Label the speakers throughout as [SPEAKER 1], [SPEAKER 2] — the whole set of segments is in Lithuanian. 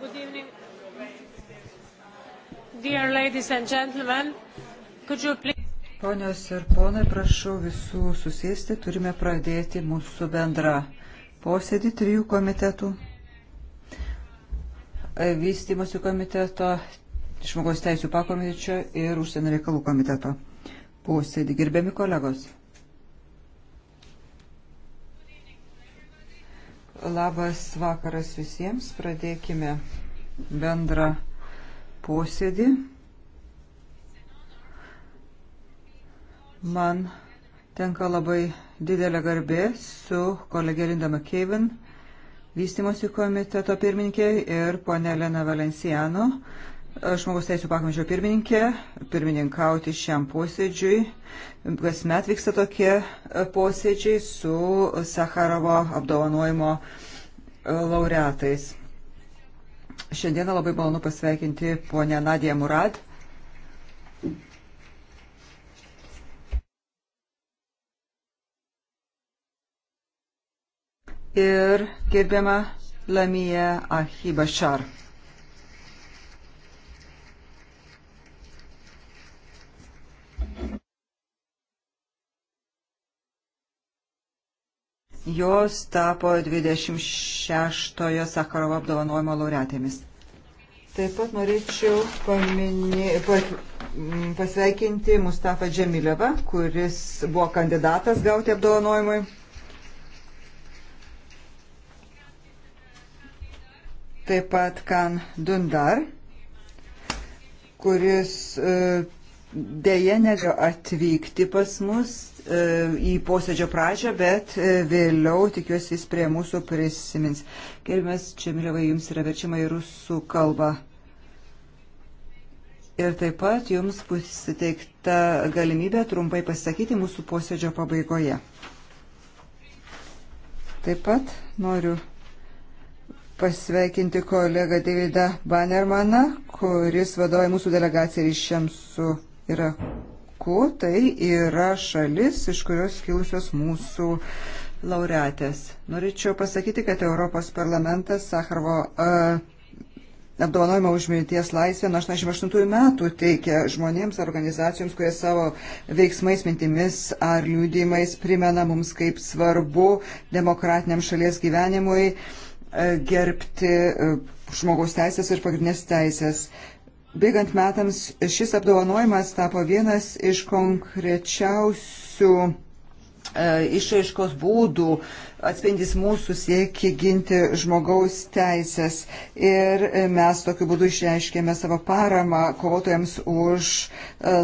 [SPEAKER 1] Good evening.
[SPEAKER 2] Dear ladies and gentlemen, could you please... Ponios ir ponai, prašau visų susėsti, turime pradėti mūsų bendrą posėdį trijų komitetų. E, vystimosi komiteto, žmogaus teisų pakomitečio ir užsienio reikalų komiteto posėdį. Gerbiami kolegos. Labas vakaras visiems. Pradėkime bendrą posėdį. Man tenka labai didelė garbė su kolegė Linda McKeven, vystimosi komiteto pirmininkė ir ponė Elena Valenciano, Žmogaus teisų pakomičio pirmininkė, pirmininkauti šiam posėdžiui. Kasmet vyksta tokie posėdžiai su Sakarovo apdovanojimo uh, laureatais. Šiandieną labai malonu pasveikinti ponę Nadiją Murad. Ir gerbiamą Lamiją Ahibašar. Jos tapo 26-ojo Sakarovo apdovanojimo laureatėmis. Taip pat norėčiau paminė, pa, pasveikinti Mustafą Džemilevą, kuris buvo kandidatas gauti apdovanojimui. Taip pat Kan Dundar, kuris e, dėje negaliu atvykti pas mus, E, į posėdžio pradžią, bet e, vėliau tikiuosi jis prie mūsų prisimins. Gerbiamas Čemilevai, jums yra verčiama į rusų kalbą. Ir taip pat jums bus suteikta galimybė trumpai pasakyti mūsų posėdžio pabaigoje. Taip pat noriu pasveikinti kolegą Davidą Banermaną, kuris vadovauja mūsų delegaciją ryšiams su Iraku puiku, tai yra šalis, iš kurios kilusios mūsų laureatės. Norėčiau pasakyti, kad Europos parlamentas Sakarvo uh, e, apdovanojimą už minties laisvę nuo 88 metų teikia žmonėms, organizacijoms, kurie savo veiksmais, mintimis ar liūdimais primena mums, kaip svarbu demokratiniam šalies gyvenimui e, gerbti e, žmogaus teisės ir pagrindinės teisės. Bėgant metams šis apdovanojimas tapo vienas iš konkrečiausių e, išraiškos būdų, atspindys mūsų siekį ginti žmogaus teisės. Ir e, mes tokiu būdu išreiškėme savo paramą kovotojams už e,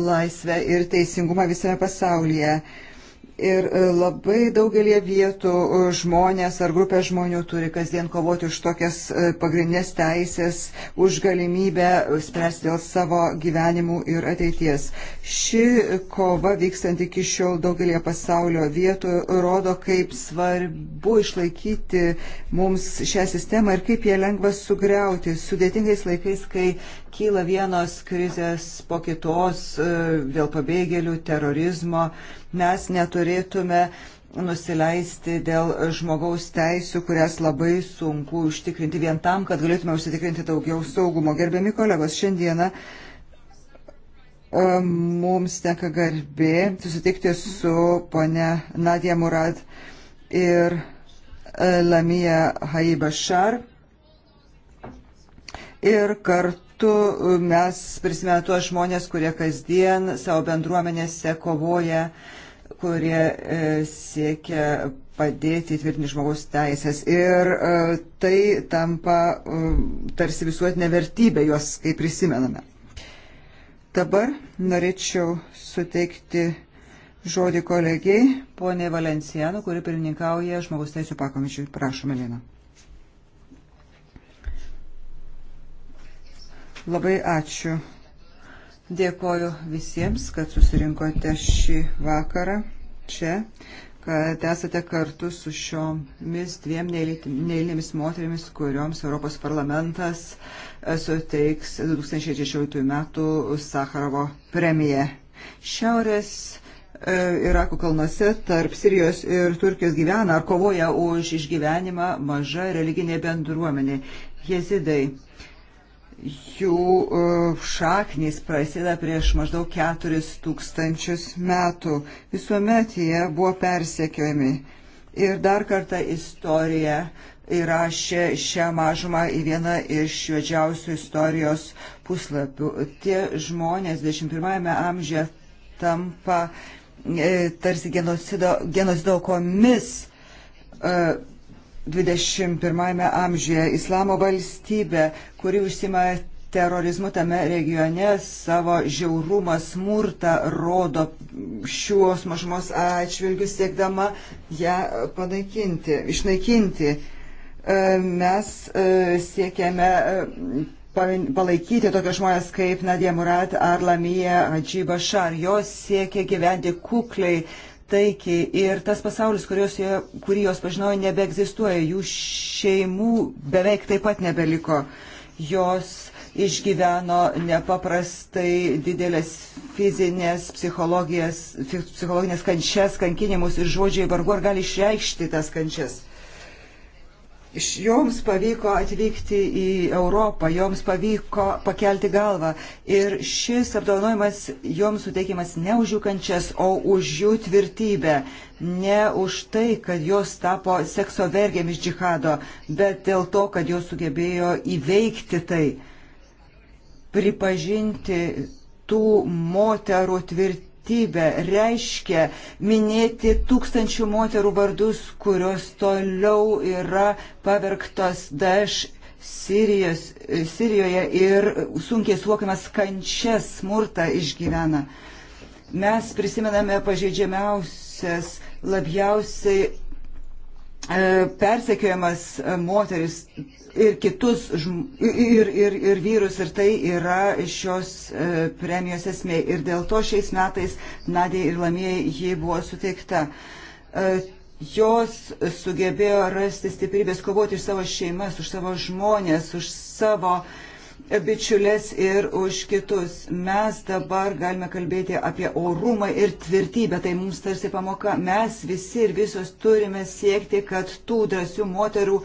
[SPEAKER 2] laisvę ir teisingumą visame pasaulyje. E, Ir e, labai daugelie vietų e, žmonės ar grupė žmonių turi kasdien kovoti už tokias e, pagrindinės teisės, už galimybę spręsti dėl savo gyvenimų ir ateities. Ši kova vykstant iki šiol daugelie pasaulio vietų rodo, kaip svarbu išlaikyti mums šią sistemą ir kaip ją lengva sugriauti sudėtingais laikais, kai kyla vienos krizės po kitos e, dėl pabėgėlių, terorizmo. Mes neturėtume nusileisti dėl žmogaus teisų, kurias labai sunku užtikrinti vien tam, kad galėtume užsitikrinti daugiau saugumo. Gerbiami kolegos, šiandieną e, mums tenka garbė susitikti su ponia Nadija Murad ir e, Lamija Haibašar. Ir kartu metų mes prisimenu tuos žmonės, kurie kasdien savo bendruomenėse kovoja, kurie e, siekia padėti įtvirtinti žmogaus teisės. Ir e, tai tampa e, tarsi visuotinė vertybė, juos kaip prisimename. Dabar norėčiau suteikti žodį kolegiai, poniai Valencijanų, kuri pirmininkauja žmogaus teisų pakomičiui. Prašom, Elina. Labai ačiū. Dėkoju visiems, kad susirinkote šį vakarą čia, kad esate kartu su šiomis dviem neįlinėmis moterimis, kurioms Europos parlamentas e, suteiks 2016 metų Sakarovo premiją. Šiaurės e, Irako kalnuose tarp Sirijos ir Turkijos gyvena ar kovoja už išgyvenimą maža religinė bendruomenė. Jezidai jų e, šaknys prasideda prieš maždaug 4000 metų. Visuomet jie buvo persekiojami. Ir dar kartą istorija įrašė šią mažumą į vieną iš juodžiausių istorijos puslapių. Tie žmonės 21-ame amžiuje tampa e, tarsi genocido, genocido aukomis. E, 21 amžiuje islamo valstybė, kuri užsima terorizmu tame regione savo žiaurumą, smurtą rodo šios mažumos atšvilgių siekdama ją panaikinti, išnaikinti. E, mes e, siekiame e, palaikyti tokius žmonės kaip Nadia Murat ar Lamija Hadži Bašar. Jos siekia gyventi kukliai taikiai ir tas pasaulis, jo, kurį jos pažinojo, nebeegzistuoja, jų šeimų beveik taip pat nebeliko. Jos išgyveno nepaprastai didelės fizinės, psichologinės kančias, kankinimus ir žodžiai vargu ar gali išreikšti tas kančias joms pavyko atvykti į Europą, joms pavyko pakelti galvą. Ir šis apdovanojimas joms suteikiamas ne už jų kančias, o už jų tvirtybę. Ne už tai, kad jos tapo sekso vergėmis džihado, bet dėl to, kad jos sugebėjo įveikti tai, pripažinti tų moterų tvirtybę tapatybę reiškia minėti tūkstančių moterų vardus, kurios toliau yra pavirktos daž Sirijos, Sirijoje ir sunkiai suokiamas kančias smurtą išgyvena. Mes prisimename pažeidžiamiausias, labiausiai e, persekiojamas moteris, ir kitus, ir, ir, ir vyrus, ir tai yra šios e, premijos esmė. Ir dėl to šiais metais Nadė ir Lamijai ji buvo suteikta. E, jos sugebėjo rasti stiprybės kovoti už savo šeimas, už savo žmonės, už savo uh, bičiulės ir už kitus. Mes dabar galime kalbėti apie orumą ir tvirtybę, tai mums tarsi pamoka. Mes visi ir visos turime siekti, kad tų drąsių moterų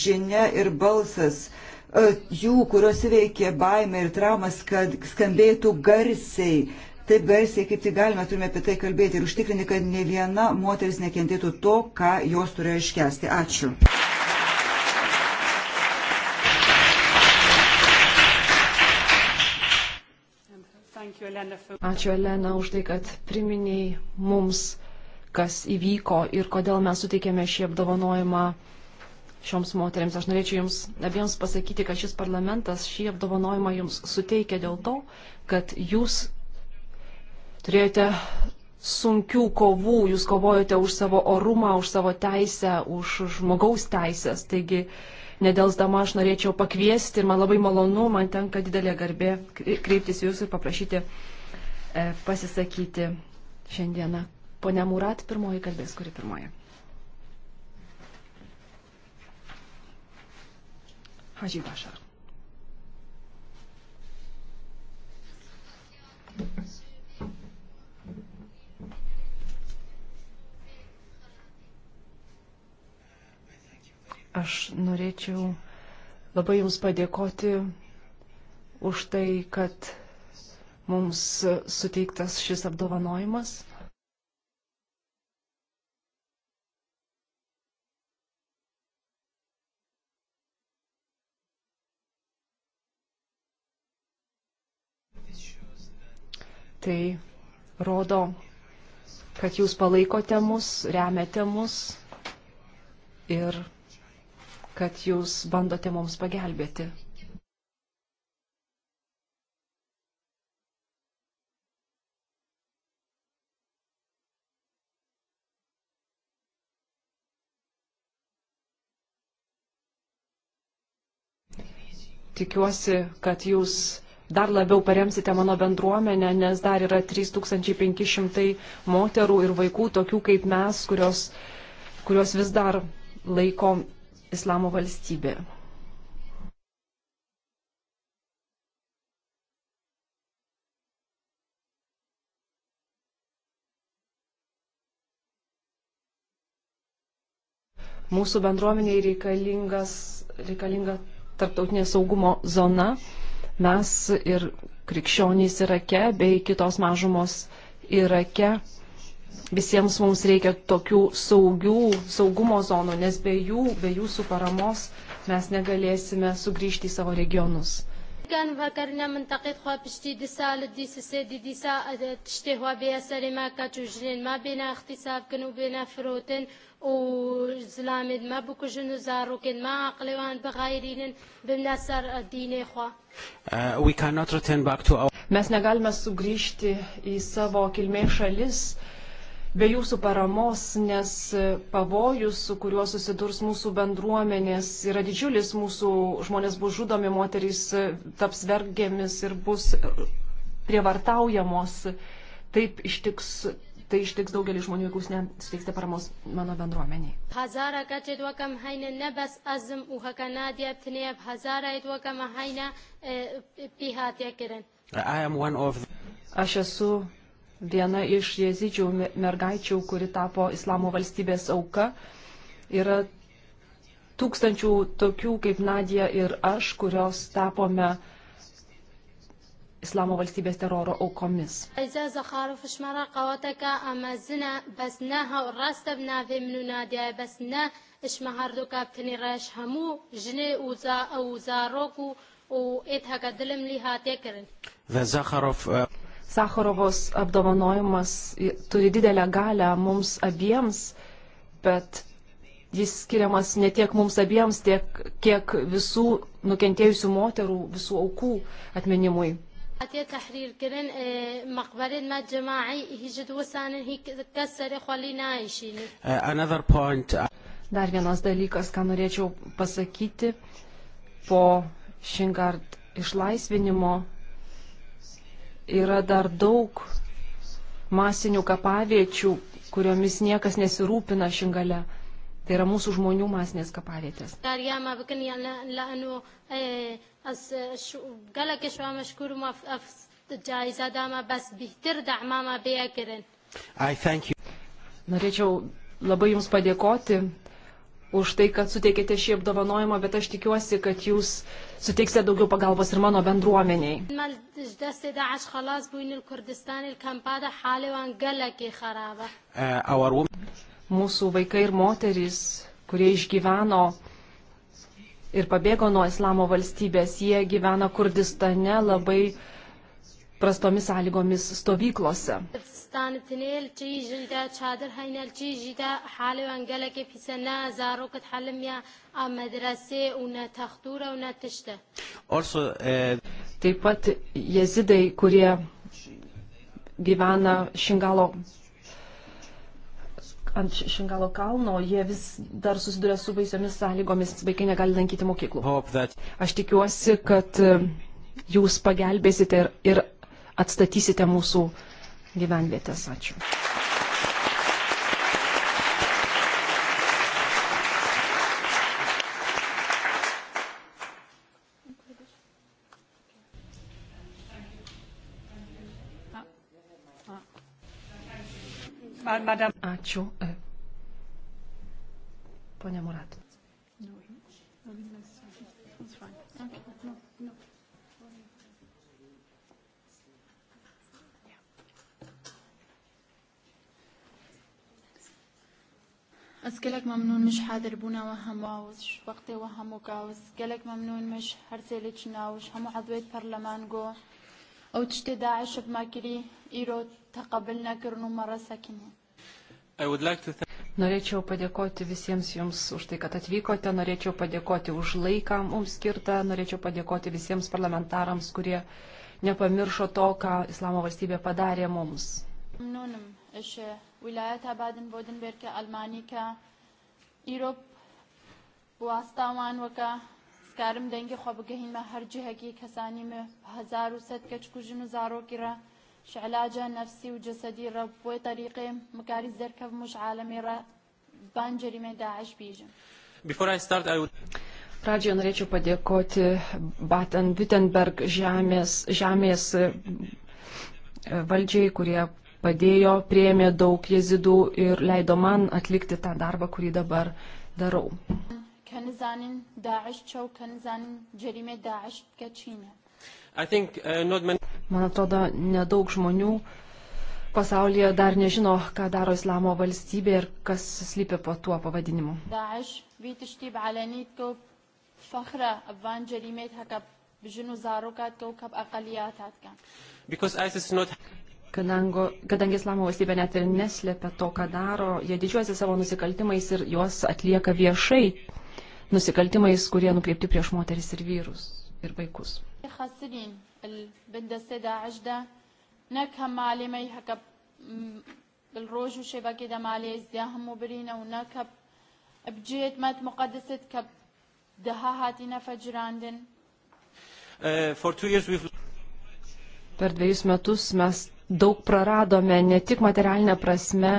[SPEAKER 2] žinia ir balsas, e, jų, kurios įveikė baimę ir traumas, kad skambėtų garsiai. Taip garsiai, kaip tik galime, turime apie tai kalbėti ir užtikrinti, kad ne viena moteris nekentėtų to, ką jos turėjo iškesti. Ačiū.
[SPEAKER 3] Ačiū,
[SPEAKER 4] Elena, už tai, kad priminiai mums, kas įvyko ir kodėl mes suteikėme šį apdovanojimą šioms moteriams. Aš norėčiau Jums abiems pasakyti, kad šis parlamentas šį apdovanojimą Jums suteikė dėl to, kad Jūs turėjote sunkių kovų, Jūs kovojote už savo orumą, už savo teisę, už žmogaus teisės. Taigi nedelsdama aš norėčiau pakviesti ir man labai malonu, man tenka didelė garbė kreiptis jūs ir paprašyti e, pasisakyti šiandieną. Pone Murat, pirmoji kalbės, kuri pirmoji. Haji Bashar. Thank you. Aš norėčiau labai Jums padėkoti už tai, kad mums suteiktas šis apdovanojimas. Tai rodo, kad jūs palaikote mus, remiate mus ir kad jūs bandote mums pagelbėti. Tikiuosi, kad jūs dar labiau paremsite mano bendruomenę, nes dar yra 3500 moterų ir vaikų, tokių kaip mes, kurios, kurios vis dar laiko islamo valstybė. Mūsų bendruomeniai reikalinga tarptautinė saugumo zona. Mes ir krikščionys Irake bei kitos mažumos Irake Visiems mums reikia tokių saugių, saugumo zonų, nes be jų, be jūsų paramos mes negalėsime sugrįžti į savo regionus.
[SPEAKER 1] كان فكرنا منطقة خوابشتي ديسا لديسا سيدي ديسا تشتهوا بها سليمة كاتوجرين ما بين اختصاف كانوا بين فروتن وزلامد ما بوكو جنو زاروكن ما عقلوان بغايرين بالنسر الديني خوا
[SPEAKER 4] Mes negalime sugrįžti į savo kilmės šalis, uh, be jūsų paramos, nes pavojus, su kuriuo susidurs mūsų bendruomenės, yra didžiulis, mūsų žmonės bus žudomi, moterys taps vergėmis ir bus prievartaujamos. Taip ištiks tai ištiks daugelį žmonių, jeigu jūs nesuteiksite paramos mano bendruomeniai.
[SPEAKER 1] E,
[SPEAKER 4] e, of... Aš esu Viena iš jezidžių mergaičių, kuri tapo islamo valstybės auka, yra tūkstančių tokių kaip Nadija ir aš, kurios tapome islamo valstybės teroro aukomis.
[SPEAKER 1] اشمهردوكا بتني راش همو جني وزا وزاروكو وإتها قدلم لها تكرن.
[SPEAKER 4] ذا زخرف Sakharovos apdovanojimas turi didelę galę mums abiems, bet jis skiriamas ne tiek mums abiems, tiek, kiek visų nukentėjusių moterų, visų aukų atminimui.
[SPEAKER 1] حتى تحرير كرن مقبرة ما جماعي هجد وسان هيك كسر خالي نايشين.
[SPEAKER 4] Another point. Uh, Dar vienas dalykas, ką norėčiau pasakyti, po Šingard išlaisvinimo yra dar daug masinių kapaviečių, kuriomis niekas nesirūpina šingale. Tai yra mūsų žmonių masinės kapavietės. Norėčiau labai Jums padėkoti už tai, kad suteikėte šį apdovanojimą, bet aš tikiuosi, kad Jūs uh, suteiksite daugiau pagalbos ir mano bendruomeniai. Uh, Mūsų vaikai ir moterys, kurie išgyveno ir pabėgo nuo islamo valstybės, jie gyvena Kurdistane labai uh, prastomis sąlygomis stovyklose. Äh, Taip pat jezidai, kurie gyvena Šingalo ant Šingalo kalno, jie vis dar susiduria su baisiomis sąlygomis, vaikai negali lankyti mokyklų. Aš tikiuosi, kad jūs pagelbėsite ir, ir atstatysite mūsų gyvenvietės. Ačiū. Ačiū. E, Pone Murat. No, no, no.
[SPEAKER 5] از گلک ممنون مش حاضر بونا وهم واوش وقتی وهم وکاوس گلک ممنون مش هر سیلچ ناوش همو عضویت پرلمان گو او تشتي داعش بماكري ايرو تقبلنا كرنو مرة ساكنين
[SPEAKER 4] I would like to thank Norėčiau padėkoti visiems Jums už tai, kad atvykote, norėčiau padėkoti už laiką mums skirtą, norėčiau padėkoti visiems parlamentarams, kurie nepamiršo to, ką Islamo valstybė padarė mums.
[SPEAKER 5] Nunim, aš ویلایەتە بادن-بۆدنبێر کە ئەلمانی کە ئیرۆپ بواستاوانوەکە سکارم دەنگی خۆ بگەهینمە هەرجیهەکی کەسانی هزار و سەد کە چکوژن و زارۆکیرە شعلاجە نەفسی و جەسەدی ڕە بۆی تەریقێ مکاری زەرکەف مش عالەمیڕە بانجەریمێ داعش بیژم.
[SPEAKER 6] Before I start, I would...
[SPEAKER 4] Pradžioje norėčiau padėkoti Baten-Württemberg žemės, žemės e, valdžiai, kurie padėjo, prieėmė daug jezidų ir leido man atlikti tą darbą, kurį dabar darau.
[SPEAKER 6] Think, uh, many...
[SPEAKER 4] Man atrodo, nedaug žmonių pasaulyje dar nežino, ką daro Islamo valstybė ir kas slypi po tuo pavadinimu.
[SPEAKER 5] Daesh, فخرة أبان جريمتها كب جنو زاروكات كوكب أقلياتات كان.
[SPEAKER 6] Because ISIS not Kadango,
[SPEAKER 4] kadangi Islamo valstybė net ir neslėpia to, ką daro, jie didžiuojasi savo nusikaltimais ir juos atlieka viešai nusikaltimais, kurie nukreipti prieš moteris ir vyrus ir vaikus.
[SPEAKER 5] نكهم معلمي حكب بالروج وشبا كده معلي ازياهم وبرينا ونكب بجيت مات مقدسة كب دها هاتينا فجراندن
[SPEAKER 4] Per dviejus metus mes daug praradome ne tik materialinę prasme,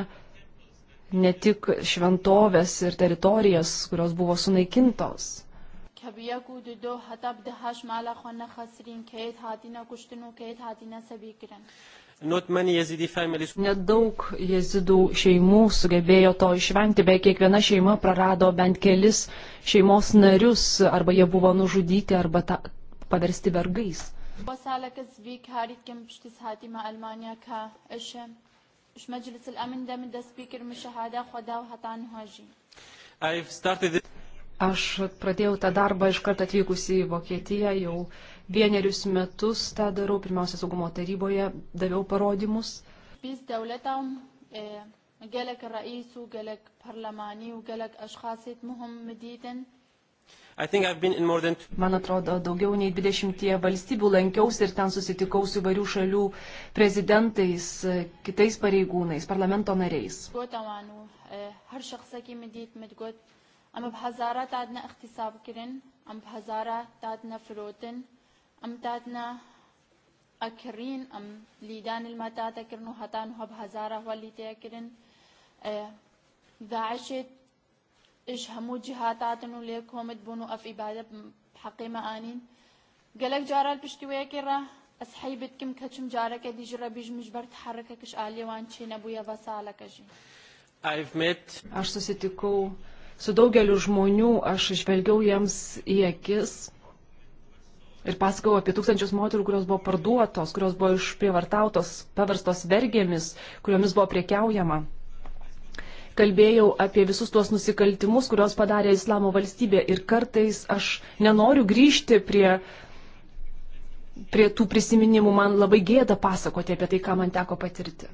[SPEAKER 4] ne tik šventovės ir teritorijas, kurios buvo sunaikintos.
[SPEAKER 5] کبیا گود دو حتاب دهش مالا خانه خسرین که ایت هاتینا کشتن و که ایت هاتینا سبی کرن.
[SPEAKER 4] Nedaug jezidų šeimų sugebėjo to išvengti, beveik kiekviena šeima prarado bent kelis šeimos narius, arba jie buvo nužudyti, arba ta, paversti vergais.
[SPEAKER 5] وسالك زبيك هاريكم بشتسهاتي مع ألمانيا كا إشم إش مجلس الأمن دم دا سبيكر مشاهدة خداو هطان هاجي
[SPEAKER 6] I've started it.
[SPEAKER 4] Aš pradėjau tą darbą iš karto atvykusi į Vokietiją, jau vienerius metus tą darau, pirmiausia saugumo taryboje daviau parodymus. Than... Man atrodo, daugiau nei 20 valstybių lankiausi ir ten susitikau su varių šalių prezidentais, kitais pareigūnais, parlamento nariais.
[SPEAKER 5] أما بحزارة تعدنا اغتصاب كرن أم بحزارة تعدنا فروتن أم تعدنا أكرين أم ليدان المتا تكرن هتان هو بحزارة هو اللي تكرن داعشت إيش همو جهات عاتنو ليك هم تبونو أف إبادة بحقي ما آنين قالك جارة البشتوية كرة أصحي بتكم كتشم جارة كدي جرى بيج مجبر تحرككش آلي وان تشينا بويا بسالك أجي
[SPEAKER 4] I've met... Aš susitikau su daugeliu žmonių, aš išvelgiau jiems į akis ir pasakau apie tūkstančius moterų, kurios buvo parduotos, kurios buvo išprievartautos, paverstos vergėmis, kuriomis buvo priekiaujama kalbėjau apie visus tuos nusikaltimus, kuriuos padarė Islamo valstybė ir kartais aš nenoriu grįžti prie, prie tų prisiminimų, man labai gėda pasakoti apie tai, ką man teko patirti.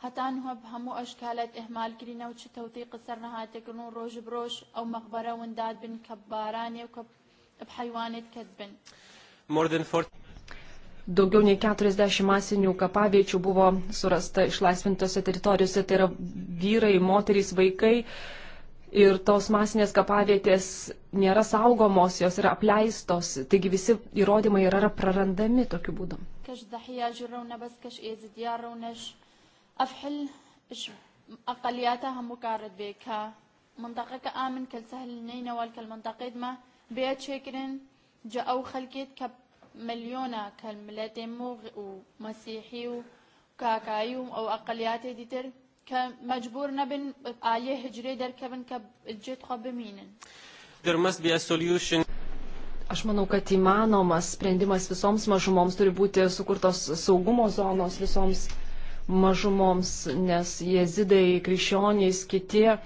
[SPEAKER 5] حتى انها بهمو اشكالات اهمال كرينا وش توثيق سرنها تكنون روج بروش او مقبره ونداد بن كباراني وكب بحيوانات كذبن
[SPEAKER 4] more than 40 daugiau nei 40 masinių kapaviečių buvo surasta išlaisvintose teritorijose, tai yra vyrai, moterys, vaikai. Ir tos masinės kapavietės nėra saugomos, jos yra apleistos, taigi visi įrodymai yra prarandami tokiu būdu.
[SPEAKER 5] أقلياتها مكارد بيكها منطقة كآمن كالسهل النينة والكالمنطقة ما بيت شكرن جاءوا خلقيت كب مليونة كالملاتم ومسيحي وكاكاي أو أقليات ديتر كمجبور نبن عليه هجري در كبن كبجيت خب مينن
[SPEAKER 6] There must be a solution.
[SPEAKER 4] Aš manau, kad įmanomas sprendimas visoms mažumoms turi būti sukurtos saugumo zonos visoms mažumoms, nes jezidai, krikščionys, kiti uh,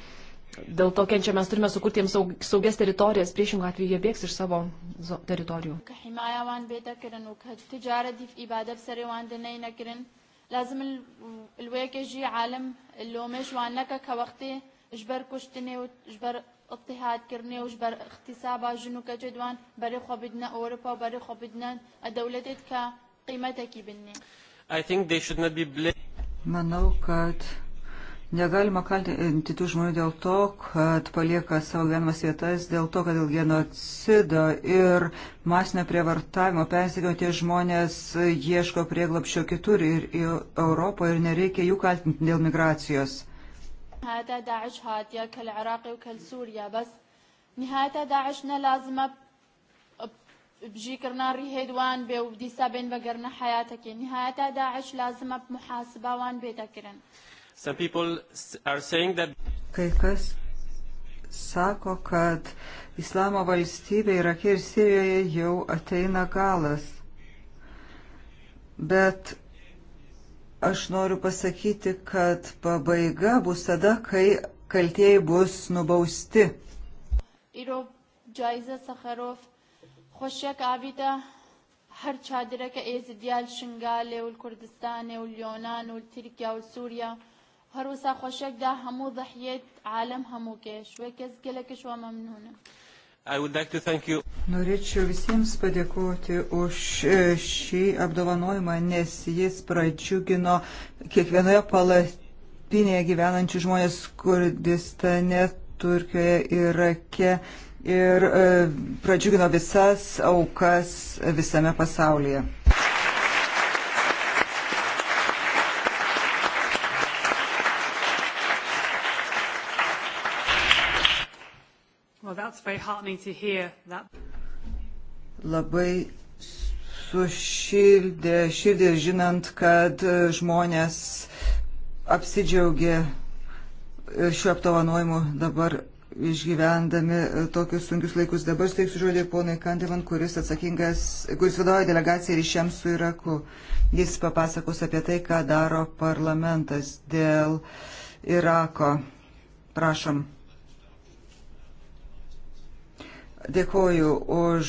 [SPEAKER 4] dėl to kenčia, mes turime sukurti jiems saugias teritorijas, priešingų atveju jie bėgs iš savo teritorijų.
[SPEAKER 5] لازم الويك يجي عالم اللومش وانك كوقتي جبر كشتني وجبر اضطهاد كرني وجبر اغتصابا جنوك جدوان بري خو بدنا اوروبا وبري خو بدنا دولتك قيمتك بني
[SPEAKER 6] I think they should not be blamed.
[SPEAKER 2] Manau, kad Negalima kaltinti tų žmonių dėl to, kad palieka savo gyvenamas vietas, dėl to, kad dėl genocido ir masinio prievartavimo persikėjo tie žmonės ieško prieglapščio kitur ir į Europą ir nereikia jų kaltinti dėl migracijos.
[SPEAKER 5] نهاية داعشنا لازمة بجيكرنا ريهدوان بي وديسا بين بقرنا حياتك نهاية داعش لازمة بمحاسبة وان بيتكرن
[SPEAKER 6] Kai
[SPEAKER 2] kas sako, kad Islamo valstybė Irake ir Sirijoje jau ateina galas. Bet aš noriu pasakyti, kad pabaiga bus tada, kai kaltieji bus nubausti.
[SPEAKER 5] هر چادرەکە ئێزدیال شنگالێ و کوردستانێ و لیۆناان و ترکیا و سووریا هەروسا خۆشێکدا هەموو دەحیێت عالم هەموو کێش وێ کەس گەلەکە شوامە منونە.
[SPEAKER 6] Like Norėčiau
[SPEAKER 2] visiems padėkoti už e, šį apdovanojimą, nes jis pradžiugino kiekvienoje palapinėje gyvenančių žmonės Kurdistane, Turkijoje, Irake ir e, pradžiugino visas aukas visame pasaulyje.
[SPEAKER 3] Labai
[SPEAKER 2] sušildė širdį ir žinant, kad e, žmonės apsidžiaugė e, šiuo aptovanojimu dabar išgyvendami e, tokius sunkius laikus. Dabar steiksiu žodį ponai Kandivan, kuris atsakingas, kuris vadovauja delegaciją ryšiams su Iraku. Jis papasakos apie tai, ką daro parlamentas dėl Irako. Prašom. Dėkoju už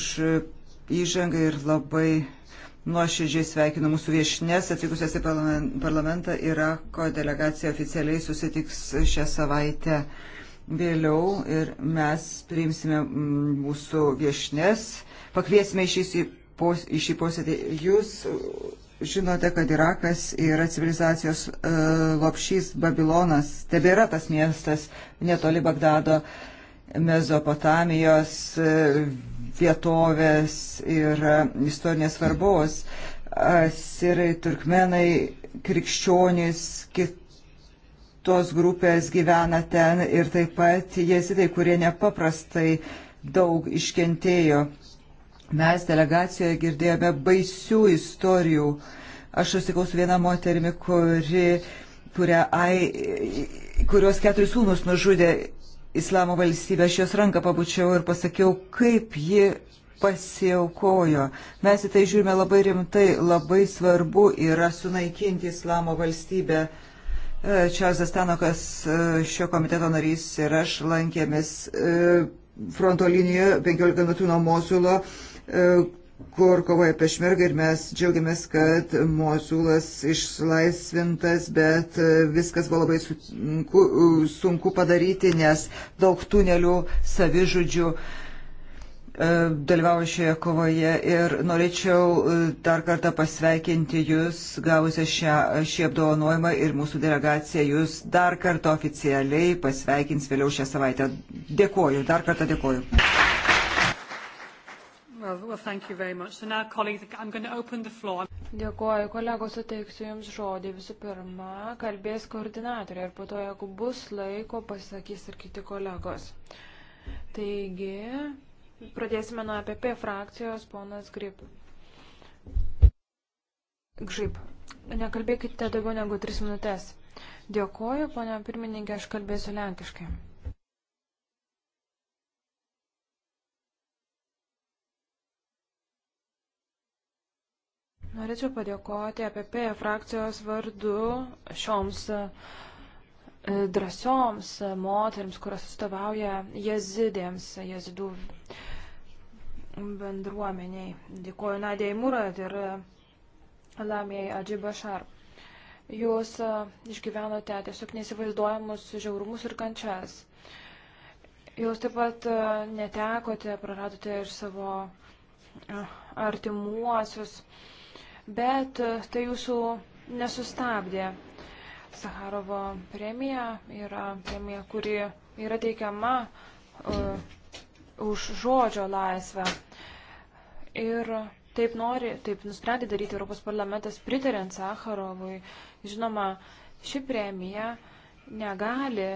[SPEAKER 2] įžangą ir labai nuoširdžiai sveikinu mūsų viešinės atvykusias į parlamentą. Irako delegacija oficialiai susitiks šią savaitę vėliau ir mes priimsime mm, mūsų viešinės, pakviesime iš į, pos, į šį posėdį. Jūs žinote, kad Irakas yra civilizacijos uh, lopšys Babilonas, tebėra tas miestas netoli Bagdado. Uh, Mezopotamijos e, vietovės yra istorinės svarbos. Asirai, turkmenai, krikščionys, kitos grupės gyvena ten ir taip pat jezidai, kurie nepaprastai daug iškentėjo. Mes delegacijoje girdėjome baisių istorijų. Aš susikau su viena moterimi, kuri, kuria, ai, kurios keturis sūnus nužudė islamo valstybę. Aš jos ranką pabučiau ir pasakiau, kaip ji pasiaukojo. Mes į tai žiūrime labai rimtai, labai svarbu yra sunaikinti islamo valstybę. E, Čarlzas Tanokas, e, šio komiteto narys ir aš lankėmės e, fronto linijoje 15 metrų nuo Mosulo kur kovoja pešmerga ir mes džiaugiamės, kad Mozulas išlaisvintas, bet e, viskas buvo labai sunku, sunku padaryti, nes daug tunelių, savižudžių e, dalyvavo šioje kovoje ir norėčiau e, dar kartą pasveikinti Jūs, gavusią šią, šį apdovanojimą ir mūsų delegacija Jūs dar kartą oficialiai pasveikins vėliau šią savaitę. Dėkuoju, dar kartą dėkuoju.
[SPEAKER 3] Well, well, thank you very much. So now, colleagues, I'm going to open the floor.
[SPEAKER 7] Dėkuoju, kolegos, suteiksiu Jums žodį. Visų pirma, kalbės koordinatorė ir po to, jeigu bus laiko, pasakys ir kiti kolegos. Taigi, pradėsime nuo APP frakcijos, ponas Grip. Gžip, nekalbėkite daugiau negu tris minutės. Dėkuoju, ponia pirmininkė, aš kalbėsiu lenkiškai. Norėčiau padėkoti APP frakcijos vardu šioms e, drąsioms e, moteriams, kurios atstovauja jezidėms, jezidų bendruomeniai. Dėkuoju Nadėjai Murat ir e, Lamijai Adžibašar. Jūs išgyvenote tiesiog neįsivaizduojamus žiaurumus ir kančias. Jūs taip pat netekote, praradote ir savo artimuosius. Uh, bet e, tai jūsų nesustabdė. Sakarovo premija yra premija, kuri yra teikiama uh, už žodžio laisvę. Ir taip nori, taip nusprendė daryti Europos parlamentas, pritarint Sakarovui. Žinoma, ši premija negali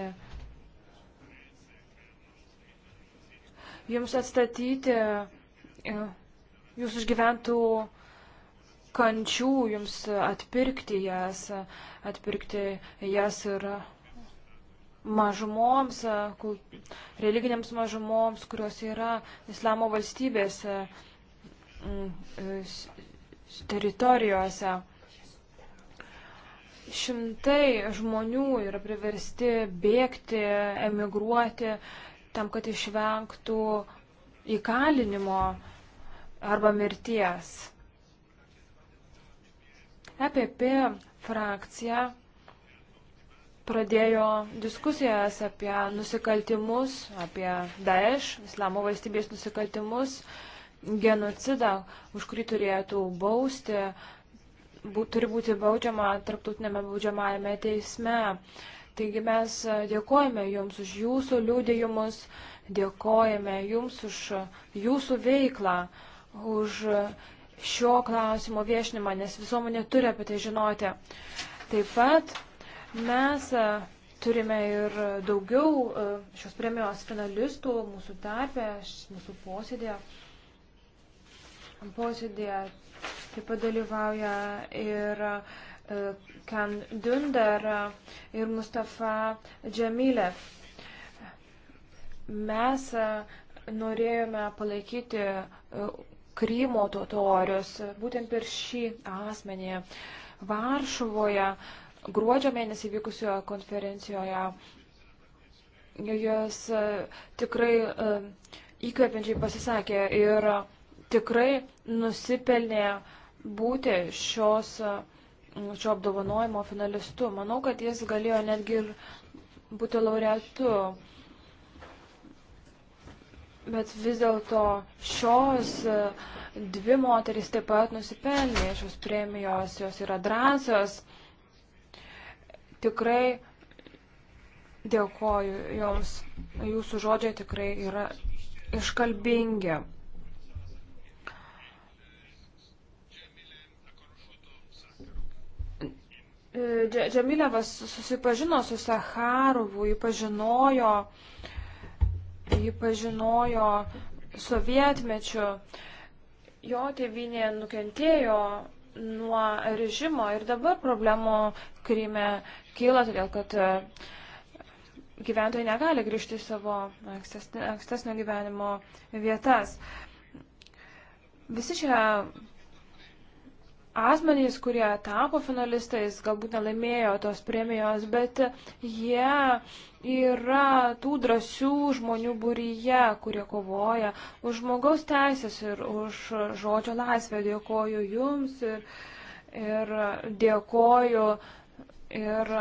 [SPEAKER 7] jums atstatyti e, jūsų išgyventų uh, kančių jums atpirkti jas, atpirkti jas ir mažumoms, religinėms mažumoms, kurios yra islamo valstybės mm, teritorijose. Šimtai žmonių yra priversti bėgti, emigruoti tam, kad išvengtų įkalinimo arba mirties. EPP frakcija pradėjo diskusijas apie nusikaltimus, apie Daesh, Islamo valstybės nusikaltimus, genocidą, už kurį turėtų bausti, bū, turi būti baudžiama tarptautinėme baudžiamajame teisme. Taigi mes dėkojame Jums už Jūsų liūdėjimus, dėkojame Jums už Jūsų veiklą, už šio klausimo viešinimą, nes visuomenė turi apie tai žinoti. Taip pat mes e, turime ir daugiau e, šios premijos finalistų mūsų tarpe, mūsų posėdėje. Posėdėje taip pat dalyvauja ir e, Ken Dunder ir Mustafa Džemilev. Mes norėjome palaikyti Krymo totorius, būtent per šį asmenį. Varšuvoje gruodžio mėnesį vykusioje konferencijoje jos e, tikrai e, įkvepiančiai pasisakė ir tikrai nusipelnė būti šios, e, šio apdovanojimo finalistu. Manau, kad jis galėjo netgi ir būti laureatu. Bet vis dėlto šios e, dvi moterys taip pat nusipelnė šios premijos, jos yra drąsios. Tikrai dėkoju joms, jūsų žodžiai tikrai yra iškalbingi. E, Džemilevas susipažino su Saharovu, jį pažinojo, uh, Ji pažinojo sovietmečių, jo tėvinė nukentėjo nuo režimo ir dabar problemų Kryme kyla, todėl kad e, gyventojai negali grįžti į savo ankstesnio gyvenimo vietas. Visi šie asmenys, kurie tapo finalistais, galbūt nelaimėjo tos premijos, bet jie yra tų drąsių žmonių būryje, kurie kovoja už žmogaus teisės ir už žodžio laisvę. Dėkoju Jums ir, ir dėkoju ir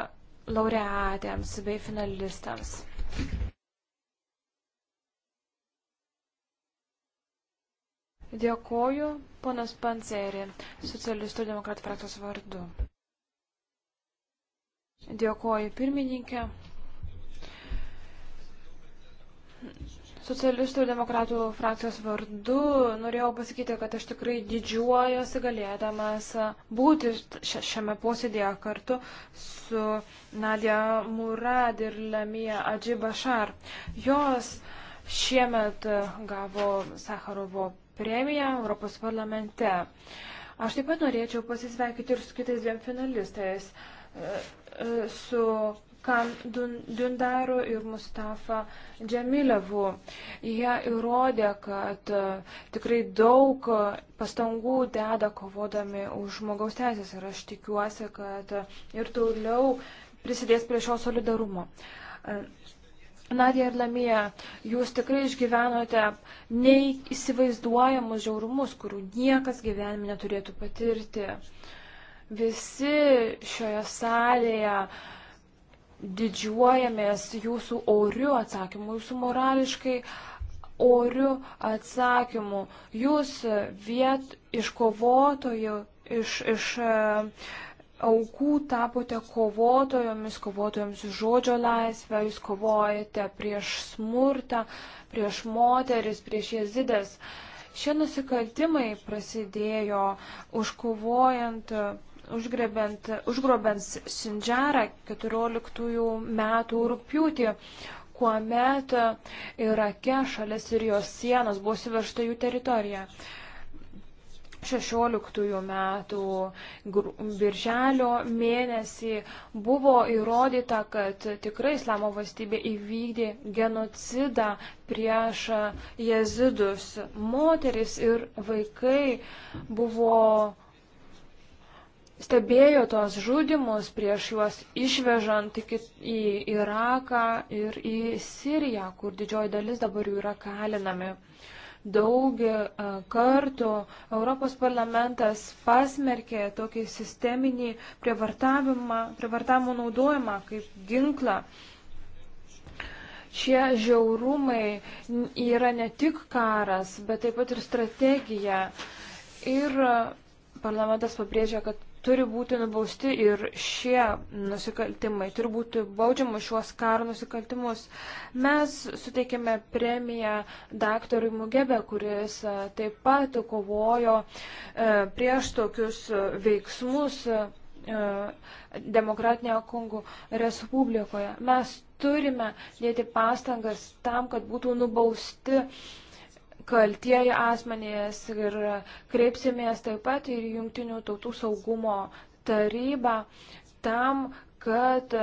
[SPEAKER 7] laureatėms bei finalistams. Dėkoju, ponas Panceri, socialistų demokratų frakcijos vardu. Dėkoju, pirmininkė. Socialistų ir demokratų frakcijos vardu norėjau pasakyti, kad aš tikrai didžiuojuosi galėdamas būti šiame posėdėje kartu su Nadia Murad ir Lamija Adži Bashar. Jos šiemet gavo Sakarovo premiją Europos parlamente. Aš taip pat norėčiau pasisveikyti ir su kitais dviem finalistais, e, e, su Kan Dundaru ir Mustafa Džemilevu. Jie įrodė, kad e, tikrai daug pastangų deda kovodami už žmogaus teisės ir aš tikiuosi, kad ir toliau prisidės prie šio solidarumo. Nadė ir Lamija, jūs tikrai išgyvenote neįsivaizduojamus žiaurumus, kurių niekas gyvenime neturėtų patirti. Visi šioje salėje didžiuojamės jūsų oriu atsakymu, jūsų morališkai oriu atsakymu. Jūs viet iš kovotojų, iš, iš uh, aukų tapote kovotojomis, kovotojomis už žodžio laisvę, jūs kovojate prieš smurtą, prieš moteris, prieš jezidės. Šie nusikaltimai prasidėjo užkovojant, užgrebent, užgrobent Sindžerą 14 metų rūpjūtį, kuomet Irake šalia Sirijos sienos buvo suveršta jų teritorija. 16 metų birželio mėnesį buvo įrodyta, kad tikrai Islamo valstybė įvykdė genocidą prieš jezidus. Moteris ir vaikai buvo stebėjo tos žudimus prieš juos išvežant į Iraką ir į Siriją, kur didžioji dalis dabar jų yra kalinami daug e, kartų Europos parlamentas pasmerkė tokį sisteminį prievartavimą, prievartavimo naudojimą kaip ginklą. Šie žiaurumai yra ne tik karas, bet taip pat ir strategija. Ir e, parlamentas pabrėžia, kad turi būti nubausti ir šie nusikaltimai, turi būti baudžiama šiuos karo nusikaltimus. Mes suteikėme premiją daktarui Mugebe, kuris e, taip pat kovojo e, prieš tokius veiksmus e, Demokratinėje Kongo Respublikoje. Mes turime dėti pastangas tam, kad būtų nubausti uh, kaltieji asmenys ir kreipsimės taip pat ir Junktinių tautų saugumo tarybą tam, kad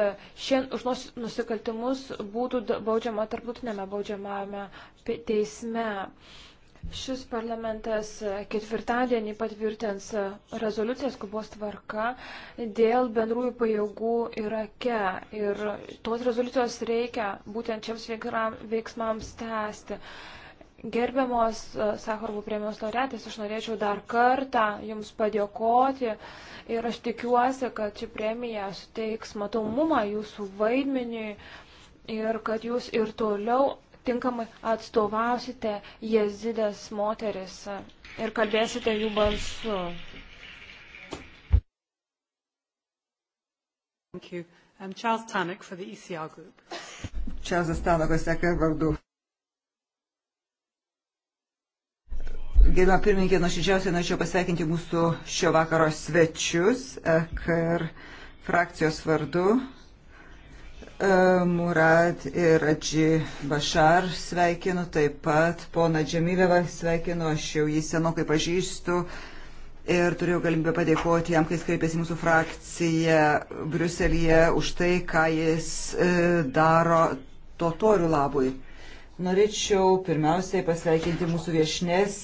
[SPEAKER 7] šiandien už nusikaltimus būtų baudžiama tarptautinėme baudžiamame teisme. Šis parlamentas ketvirtadienį patvirtins rezoliucijas kubos tvarka dėl bendrųjų pajėgų Irake. Ir tos rezoliucijos reikia būtent šiems veiksmams tęsti. Gerbiamos e, Sakharvų premijos laureatės, aš norėčiau dar kartą Jums padėkoti ir aš tikiuosi, kad ši premija suteiks matomumą Jūsų vaidmeniui ir kad Jūs ir toliau tinkamai atstovausite jezidės moteris ir kalbėsite jų balsu.
[SPEAKER 3] Thank you. I'm Charles Tannock for the ECR group.
[SPEAKER 2] Charles Tannock, ECR vardu. Gerbiamą pirmininkę, nuoširdžiausiai norėčiau pasveikinti mūsų šio vakaro svečius, EKR frakcijos vardu. E, Murad ir Adži Bašar sveikinu, taip pat pona Džemilevą sveikinu, aš jau jį senokai pažįstu ir turėjau galimybę padėkoti jam, kai jis kreipėsi mūsų frakciją Briuselėje už tai, ką jis e, daro totorių labui. Norėčiau pirmiausiai pasveikinti mūsų viešnės,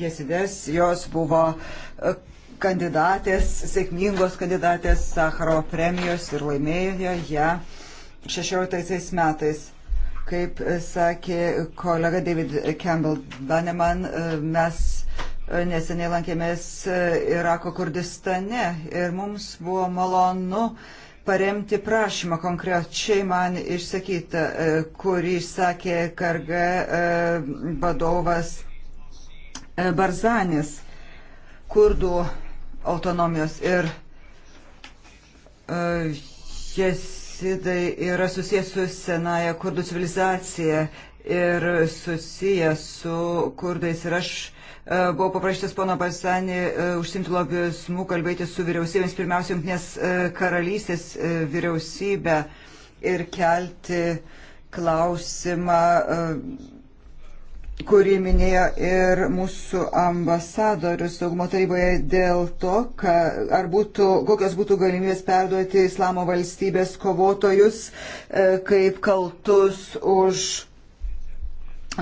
[SPEAKER 2] jėsidės, jos buvo e, kandidatės, sėkmingos kandidatės Sakaro premijos ir laimėjo ją 16 metais. Kaip e, sakė kolega David Campbell Baneman, e, mes neseniai lankėmės Irako Kurdistane ir mums buvo malonu uh, paremti prašymą konkrečiai man išsakytą, e, kurį išsakė Karga e, vadovas e, Barzanis, kurdų autonomijos ir jesidai yra susijęs su senaja kurdų civilizacija ir susijęs su kurdais ir aš E, buvo paprašytas pono Basanį e, užsimti lobizmų, kalbėti su vyriausybėmis, pirmiausia, Junktinės e, karalystės vyriausybę ir kelti klausimą, kurį minėjo ir mūsų ambasadorius saugumo taryboje dėl to, ka, ar būtų, kokios būtų galimybės perduoti islamo valstybės kovotojus kaip kaltus už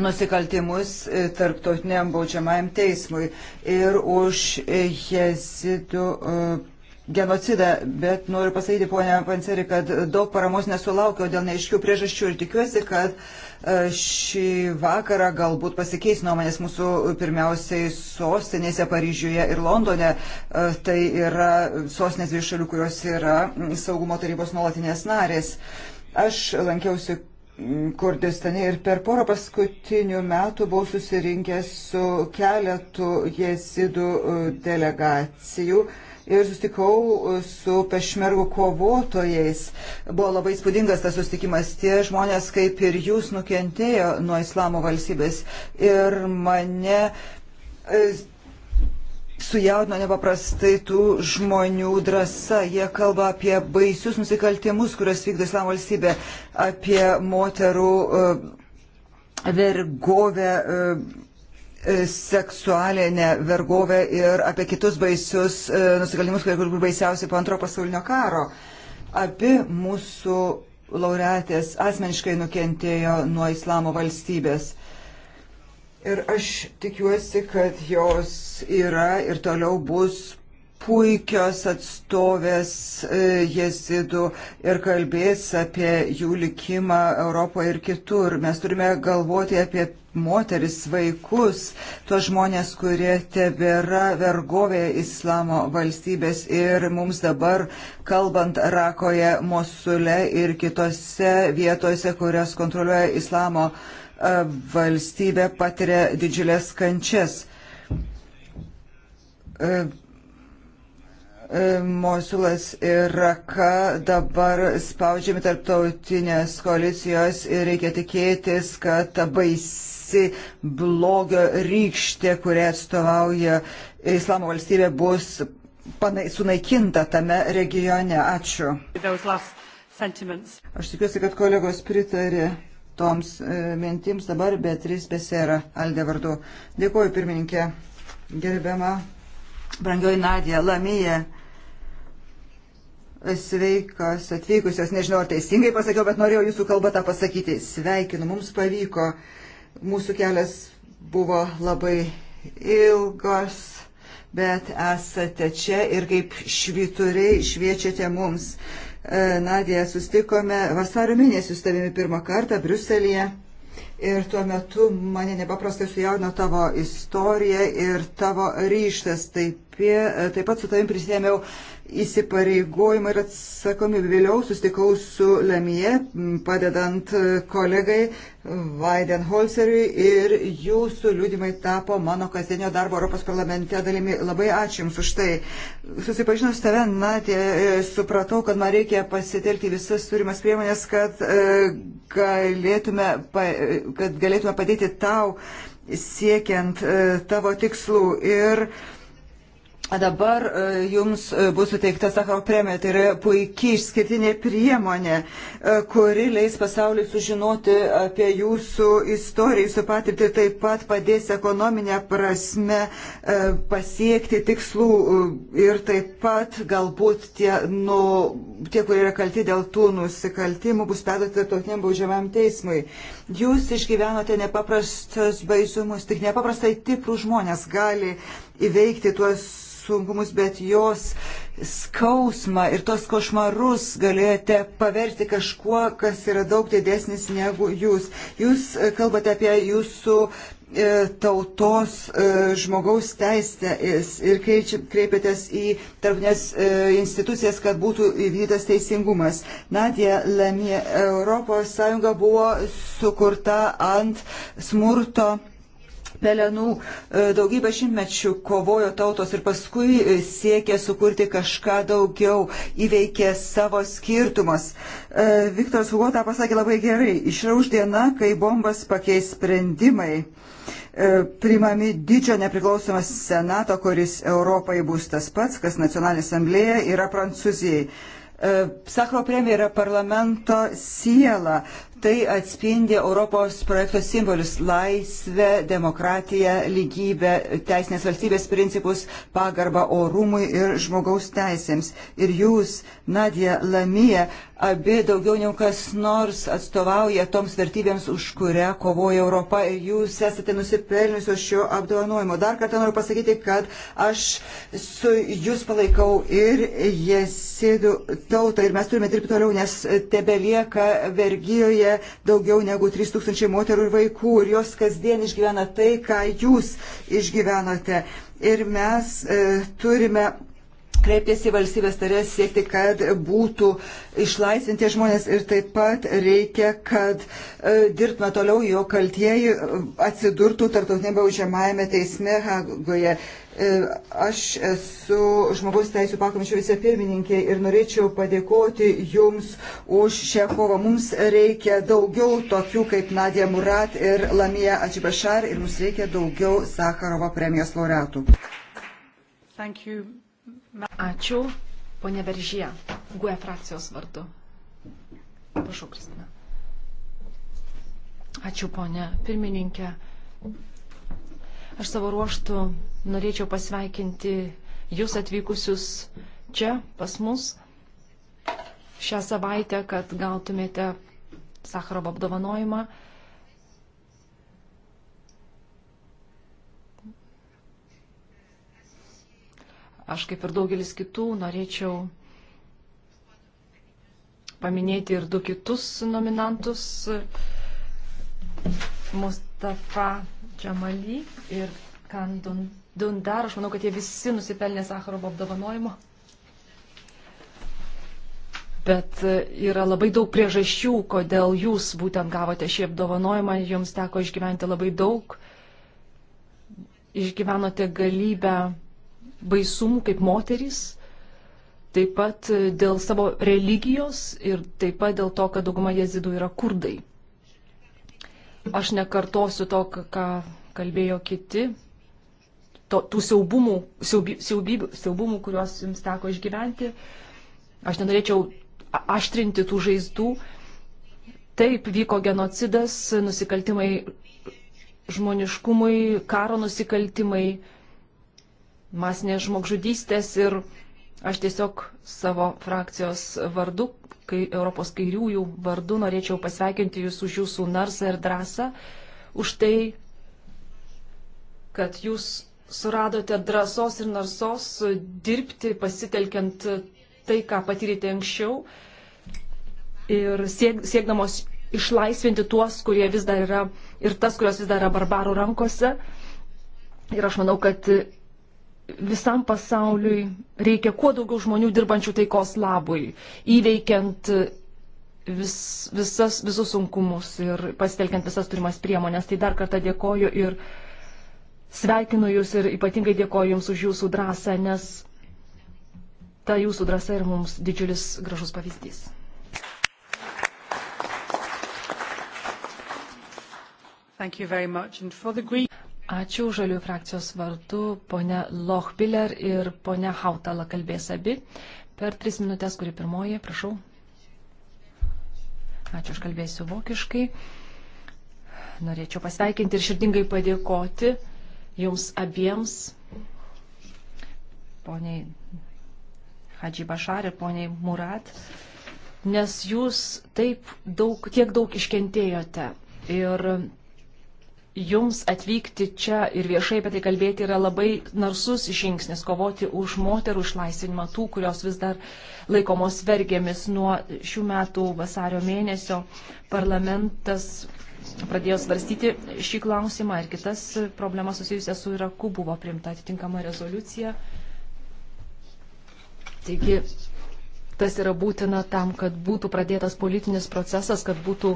[SPEAKER 2] nusikaltimus e, tarptautiniam baudžiamajam teismui ir už e, jesidų e, genocidą, bet noriu pasakyti, ponia Panceri, kad daug paramos nesulaukiau dėl neaiškių priežasčių ir tikiuosi, kad šį vakarą galbūt pasikeis nuomonės mūsų pirmiausiai sostinėse Paryžiuje ir Londone. Tai yra sostinės dvi šalių, kurios yra saugumo tarybos nuolatinės narės. Aš lankiausi Kurdistane ir per porą paskutinių metų buvau susirinkęs su keletu jesidų e, delegacijų ir sustikau e, su pešmergų kovotojais. Buvo labai spūdingas tas sustikimas. Tie žmonės, kaip ir jūs, nukentėjo nuo islamo valstybės. Ir mane e, sujaudino nepaprastai tų žmonių drąsa. Jie kalba apie baisius nusikaltimus, kuriuos vykdo Islamo valstybė, apie moterų e, vergovę e, seksualinę vergovę ir apie kitus baisius e, nusikaltimus, kurie buvo baisiausi po antro pasaulinio karo. Abi mūsų laureatės asmeniškai nukentėjo nuo islamo valstybės. Ir aš tikiuosi, kad jos yra ir toliau bus puikios atstovės e, jesidų ir kalbės apie jų likimą Europoje ir kitur. Mes turime galvoti apie moteris, vaikus, tos žmonės, kurie tebėra vergovė islamo valstybės ir mums dabar, kalbant Rakoje, Mosule ir kitose vietose, kurias kontroliuoja islamo valstybės valstybė patiria didžiulės kančias. E, e, Mosulas ir Raka dabar spaudžiami tarptautinės koalicijos ir reikia tikėtis, kad ta baisi blogio rykštė, kurią atstovauja Islamo valstybė, bus panai, sunaikinta tame regione. Ačiū.
[SPEAKER 3] Aš
[SPEAKER 2] tikiuosi, kad kolegos pritarė išsakytoms e, mintims dabar Beatriz Besera, Aldė vardu. Dėkuoju pirmininkė, gerbiama, brangioji Nadija, Lamija sveikas atvykusios, nežinau ar teisingai pasakiau, bet norėjau jūsų kalbą tą pasakyti. Sveikinu, mums pavyko, mūsų kelias buvo labai ilgas, bet esate čia ir kaip švituriai šviečiate mums. E, Nadija, sustikome vasario mėnesį su tavimi pirmą kartą Briuselėje. Ir tuo metu mane nepaprastai sujaudino tavo istorija ir tavo ryštas. Taip, e, taip pat su tavim prisėmiau uh, įsipareigojimą ir atsakomybę. Vėliau sustikau su Lemie, padedant kolegai Vaidenholzeriui ir jūsų liūdimai tapo mano kasdienio darbo Europos parlamente dalimi. Labai ačiū Jums už tai. Susipažinus tave, Natė, supratau, kad man reikia pasitelkti visas turimas priemonės, kad, e, galėtume, kad galėtume padėti tau siekiant e, tavo tikslų. Ir Dabar e, jums e, bus suteikta Sakaro premija, tai yra puikiai išskirtinė priemonė, e, kuri leis pasauliu sužinoti apie jūsų istoriją, jūsų patirtį, taip pat padės ekonominę prasme pasiekti tikslų ir taip pat galbūt tie, nu, tie kurie yra kalti dėl tų nusikaltimų, bus perduoti tarptautiniam baudžiamam teismui. Jūs išgyvenote nepaprastas baisumus, tik nepaprastai tiprų žmonės gali įveikti tuos sunkumus, bet jos skausmą ir tos košmarus galėjote paverti kažkuo, kas yra daug didesnis negu jūs. Jūs kalbate apie jūsų E, tautos e, žmogaus teisės ir kreipiatės į tarpnes e, institucijas, kad būtų įvykdytas teisingumas. Nadie Lemie, ES buvo sukurta ant smurto pelenų e, daugybę šimtmečių kovojo tautos ir paskui e, siekė sukurti kažką daugiau, įveikė savo skirtumus. E, Viktoras Hugo tą pasakė labai gerai. Išrauž diena, kai bombas pakeis sprendimai primami didžio nepriklausomas senato, kuris Europai bus tas pats, kas nacionalinė asamblėja yra Prancūzijai. Sakro premija yra parlamento siela, Tai atspindi Europos projekto simbolius - laisvę, demokratiją, lygybę, teisinės valstybės principus, pagarbą orumui ir žmogaus teisėms. Ir jūs, Nadija Lamija, abi daugiau negu kas nors atstovauja toms vertybėms, už kurią kovoja Europa ir jūs esate nusipelniusios šio apdovanojimo. Dar kartą noriu pasakyti, kad aš su jūs palaikau ir jie sėdu tautą ir mes turime dirbti toliau, nes tebe lieka vergyjoje yra daugiau negu 3000 moterų ir vaikų ir jos kasdien išgyvena tai, ką jūs išgyvenate. Ir mes e, turime kreiptis į valstybės tarės siekti, kad būtų išlaisvinti žmonės ir taip pat reikia, kad e, dirbtume toliau jo kaltieji e, atsidurtų tarptautinėme baudžiamajame teisme Hagoje. E, aš esu žmogaus teisų pakomičio vicepirmininkė ir norėčiau padėkoti Jums už šią kovą. Mums reikia daugiau tokių kaip Nadija Murat ir Lamija Ačibašar ir mums reikia daugiau Sakarovo premijos laureatų.
[SPEAKER 4] Thank you. Ačiū, ponė Beržyje, GUE frakcijos vardu. Prašau, Kristina. Ačiū, ponė pirmininkė. Aš savo ruoštų norėčiau pasveikinti jūs atvykusius čia pas mus šią savaitę, kad gautumėte Sakharovo apdovanojimą. Aš kaip ir daugelis kitų norėčiau paminėti ir du kitus nominantus - Mustafa Džamali ir Kandun Dundar. Aš manau, kad jie visi nusipelnė Sakarovo apdovanojimo. Bet yra labai daug priežasčių, kodėl jūs būtent gavote šį apdovanojimą, jums teko išgyventi labai daug, išgyvenote galybę baisumų kaip moterys, taip pat e, dėl savo religijos ir taip pat dėl to, kad dauguma jezidų yra kurdai. Aš nekartosiu to, ką kalbėjo kiti, to, tų siaubumų, siaubi, siaubybių, siaubumų, kuriuos jums teko išgyventi. Aš nenorėčiau aštrinti tų žaizdų. Taip vyko genocidas, nusikaltimai žmoniškumui, karo nusikaltimai, masinės žmogžudystės ir aš tiesiog savo frakcijos vardu, kai Europos kairiųjų vardu norėčiau pasveikinti jūs už jūsų narsą ir drąsą, už tai, kad jūs suradote drąsos ir narsos dirbti pasitelkiant tai, ką patyrėte anksčiau ir siek, siekdamos išlaisvinti tuos, kurie vis dar yra ir tas, kurios vis dar yra barbarų rankose. Ir aš manau, kad visam pasauliui reikia kuo daugiau žmonių dirbančių taikos labui, įveikiant vis, visas, visus sunkumus ir pasitelkiant visas turimas priemonės. Tai dar kartą dėkoju ir sveikinu Jūs ir ypatingai dėkoju Jums už Jūsų drąsą, nes ta Jūsų drąsa yra mums didžiulis gražus pavyzdys. Green... Ačiū žalių frakcijos vardu. Pone Lochbiller ir pone Hautala kalbės abi. Per tris minutės, kuri pirmoji, prašau. Ačiū, aš kalbėsiu vokiškai. Norėčiau pasveikinti ir širdingai padėkoti jums abiems, poniai Hadži Bašar ir poniai Murat, nes jūs taip daug, tiek daug iškentėjote. Ir jums atvykti čia ir viešai apie tai kalbėti yra labai narsus žingsnis kovoti už moterų išlaisvinimą tų, kurios vis dar laikomos vergėmis nuo šių metų vasario mėnesio. Parlamentas pradėjo svarstyti šį klausimą ir kitas problemas susijusias su Iraku buvo priimta atitinkama rezoliucija. Taigi tas yra būtina tam, kad būtų pradėtas politinis procesas, kad būtų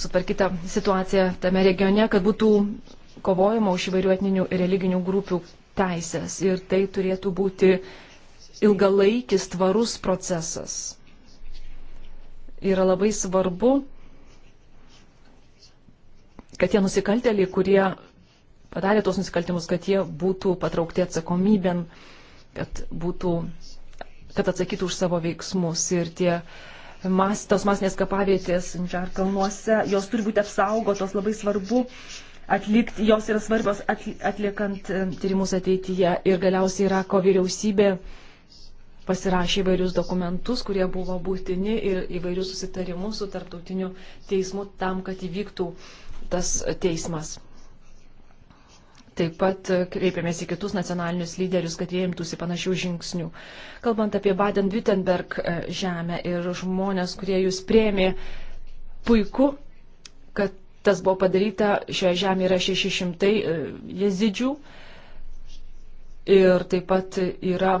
[SPEAKER 4] sutvarkyta situacija tame regione, kad būtų kovojama už įvairių etninių ir religinių grupių teisės. Ir tai turėtų būti ilgalaikis tvarus procesas. Yra labai svarbu, kad tie nusikaltėliai, kurie padarė tos nusikaltimus, kad jie būtų patraukti atsakomybėn, kad, būtų, kad atsakytų už savo veiksmus. Ir tie uh, mas, tos masinės kapavietės Džar kalnuose, jos turi būti apsaugotos, labai svarbu atlikti, jos yra svarbios atliekant e, tyrimus ateityje. Ir galiausiai Irako vyriausybė pasirašė įvairius dokumentus, kurie buvo būtini ir įvairius susitarimus su tarptautiniu teismu tam, kad įvyktų tas teismas. Taip pat kreipiamės į kitus nacionalinius lyderius, kad jie imtųsi panašių žingsnių. Kalbant apie Baden-Württemberg e, žemę ir žmonės, kurie jūs prieimė, puiku, kad tas buvo padaryta. Šioje žemėje yra 600 e, jezidžių ir taip pat yra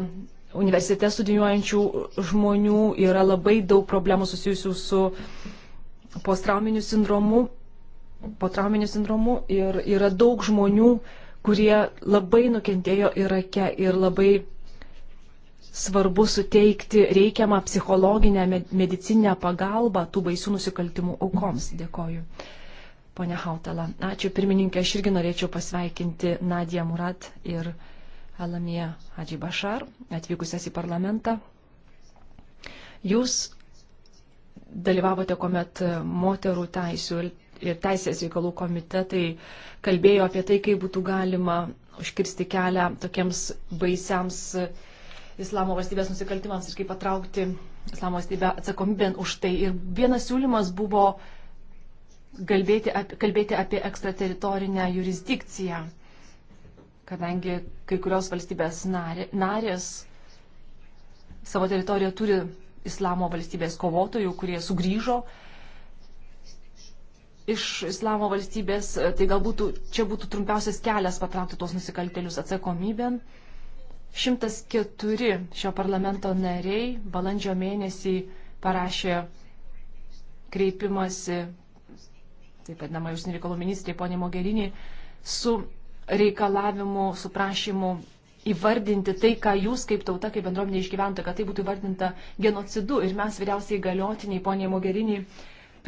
[SPEAKER 4] universitete studijuojančių žmonių, yra labai daug problemų susijusių su postrauminiu sindromu potrauminiu sindromu ir yra daug žmonių, kurie labai nukentėjo Irake ir labai svarbu suteikti reikiamą psichologinę medicinę pagalbą tų baisių nusikaltimų aukoms. Dėkoju. Pone Hautala, ačiū pirmininkė, aš irgi norėčiau pasveikinti Nadiją Murat ir Alamiją Hadži Bashar, atvykusias į parlamentą. Jūs dalyvavote, kuomet moterų teisų ir Teisės reikalų komitetai kalbėjo apie tai, kaip būtų galima užkirsti kelią tokiems baisiams islamo valstybės nusikaltimams ir kaip patraukti islamo valstybę atsakomybėn už tai. Ir vienas siūlymas buvo kalbėti apie, kalbėti apie ekstrateritorinę jurisdikciją, kadangi kai kurios valstybės narės savo teritoriją turi islamo valstybės kovotojų, kurie sugrįžo iš islamo valstybės, e, tai galbūt čia būtų trumpiausias kelias patraukti tuos nusikaltelius atsakomybėn. 104 šio parlamento nariai balandžio mėnesį parašė kreipimasi, taip pat namai užsienio reikalų ministrė ponė Mogerinė, su reikalavimu, su prašymu įvardinti tai, ką jūs kaip tauta, kaip bendruomenė išgyventa, kad tai būtų įvardinta genocidu. Ir mes vyriausiai galiotiniai, ponė Mogerinė,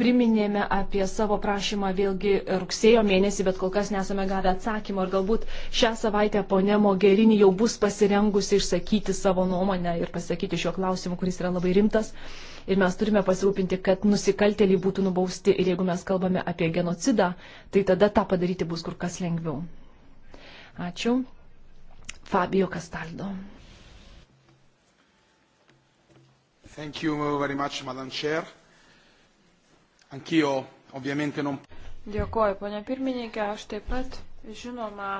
[SPEAKER 4] priminėme apie savo prašymą vėlgi rugsėjo mėnesį, bet kol kas nesame gavę atsakymą ir galbūt šią savaitę ponė Mogherini jau bus pasirengusi išsakyti savo nuomonę ir pasakyti šiuo klausimu, kuris yra labai rimtas. Ir mes turime pasirūpinti, kad nusikaltėliai būtų nubausti ir jeigu mes kalbame apie genocidą, tai tada tą padaryti bus kur kas lengviau. Ačiū. Fabio Castaldo. Thank you very much, Madam Chair. Ankyjo, obviamente, non.
[SPEAKER 7] Dėkoju, ponia pirmininkė, aš taip pat, žinoma,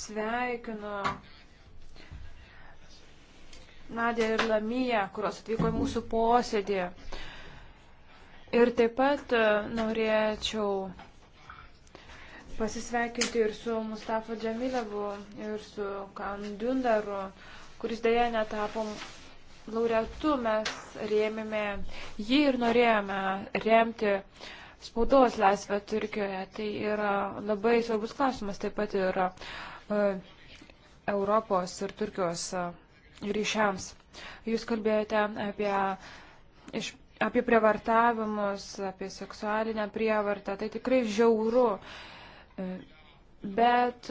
[SPEAKER 7] sveikinu Nadė ir Lamija, kurios atvyko į mūsų posėdį. Ir taip pat e, norėčiau pasisveikinti ir su Mustafa Džamilevu, ir su Kandundaru, kuris dėja netapo laureatu mes rėmėme jį ir norėjome remti spaudos laisvę Turkijoje. Tai yra labai svarbus klausimas taip pat ir uh, Europos ir Turkijos uh, ryšiams. Jūs kalbėjote apie, iš, apie prievartavimus, apie seksualinę prievartą. Tai tikrai žiauru. E, bet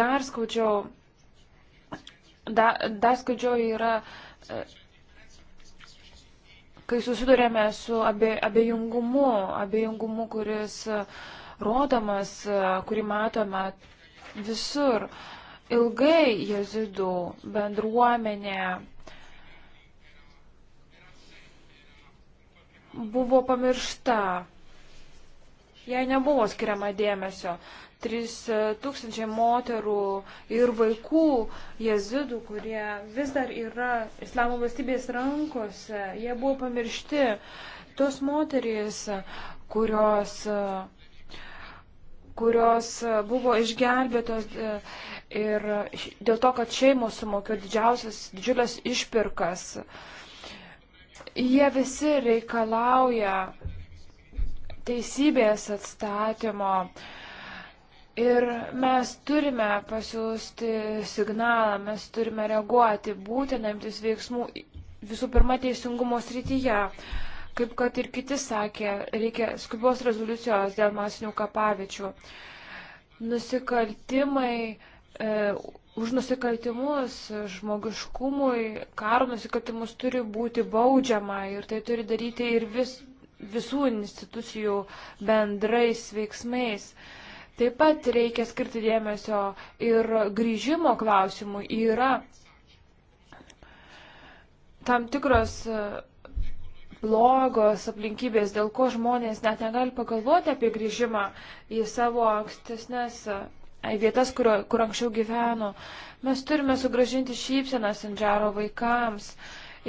[SPEAKER 7] dar skaudžiau da, dar skaudžiau yra, e, kai susidurėme su abie, abejingumu, abejingumu, kuris e, rodomas, e, kurį matome visur. Ilgai jezidų bendruomenė buvo pamiršta. Jai nebuvo skiriama dėmesio. 3000 moterų ir vaikų jezidų, kurie vis dar yra Islamo valstybės rankose, jie buvo pamiršti. Tos moterys, kurios, kurios buvo išgelbėtos e, ir dėl to, kad šeimos sumokė didžiausias, didžiulės išpirkas, jie visi reikalauja teisybės atstatymo. Uh, Ir mes turime pasiūsti signalą, mes turime reaguoti, būtinamtis veiksmų visų pirma teisingumo srityje. Kaip kad ir kiti sakė, reikia skubios rezoliucijos dėl masinių kapavičių. Nusikaltimai, e, už nusikaltimus žmogiškumui, karo nusikaltimus turi būti baudžiama ir tai turi daryti ir vis, visų institucijų bendrais veiksmais. E, Taip pat reikia skirti dėmesio ir grįžimo klausimų. Yra tam tikros e, blogos aplinkybės, dėl ko žmonės net negali pagalvoti apie grįžimą į savo ankstesnės e, vietas, kurio, kur anksčiau gyveno. Mes turime sugražinti šypseną Sandžaro vaikams.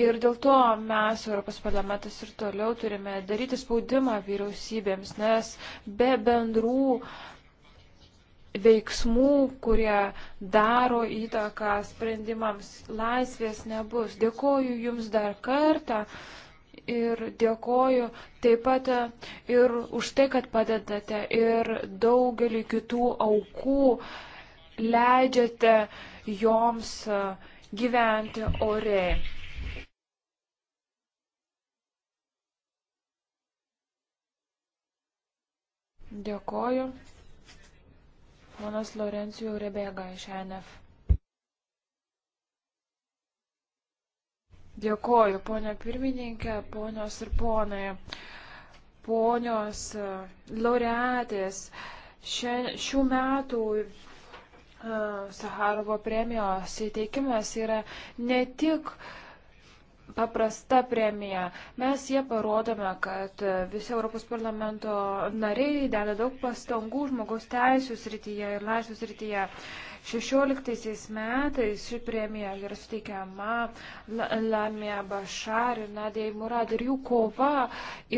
[SPEAKER 7] Ir dėl to mes, Europos parlamentas, ir toliau turime daryti spaudimą vyriausybėms, nes be bendrų uh, veiksmų, kurie daro įtaką sprendimams, laisvės nebus. Dėkoju Jums dar kartą ir dėkoju taip pat e, ir už tai, kad padedate ir daugelį kitų aukų leidžiate joms e, gyventi oriai. Dėkoju. Ponas Laurencijų Rebega iš ANF. Dėkoju, ponia pirmininkė, ponios ir ponai, ponios e, laureatės. Šių metų e, Saharovo premijos įteikimas yra ne tik uh, paprasta premija. Mes jie parodome, kad visi Europos parlamento nariai deda daug pastangų žmogaus teisų srityje ir laisvės srityje. 16 metais ši premija yra suteikiama Lamia Bašar ir Nadėjai Murad ir jų kova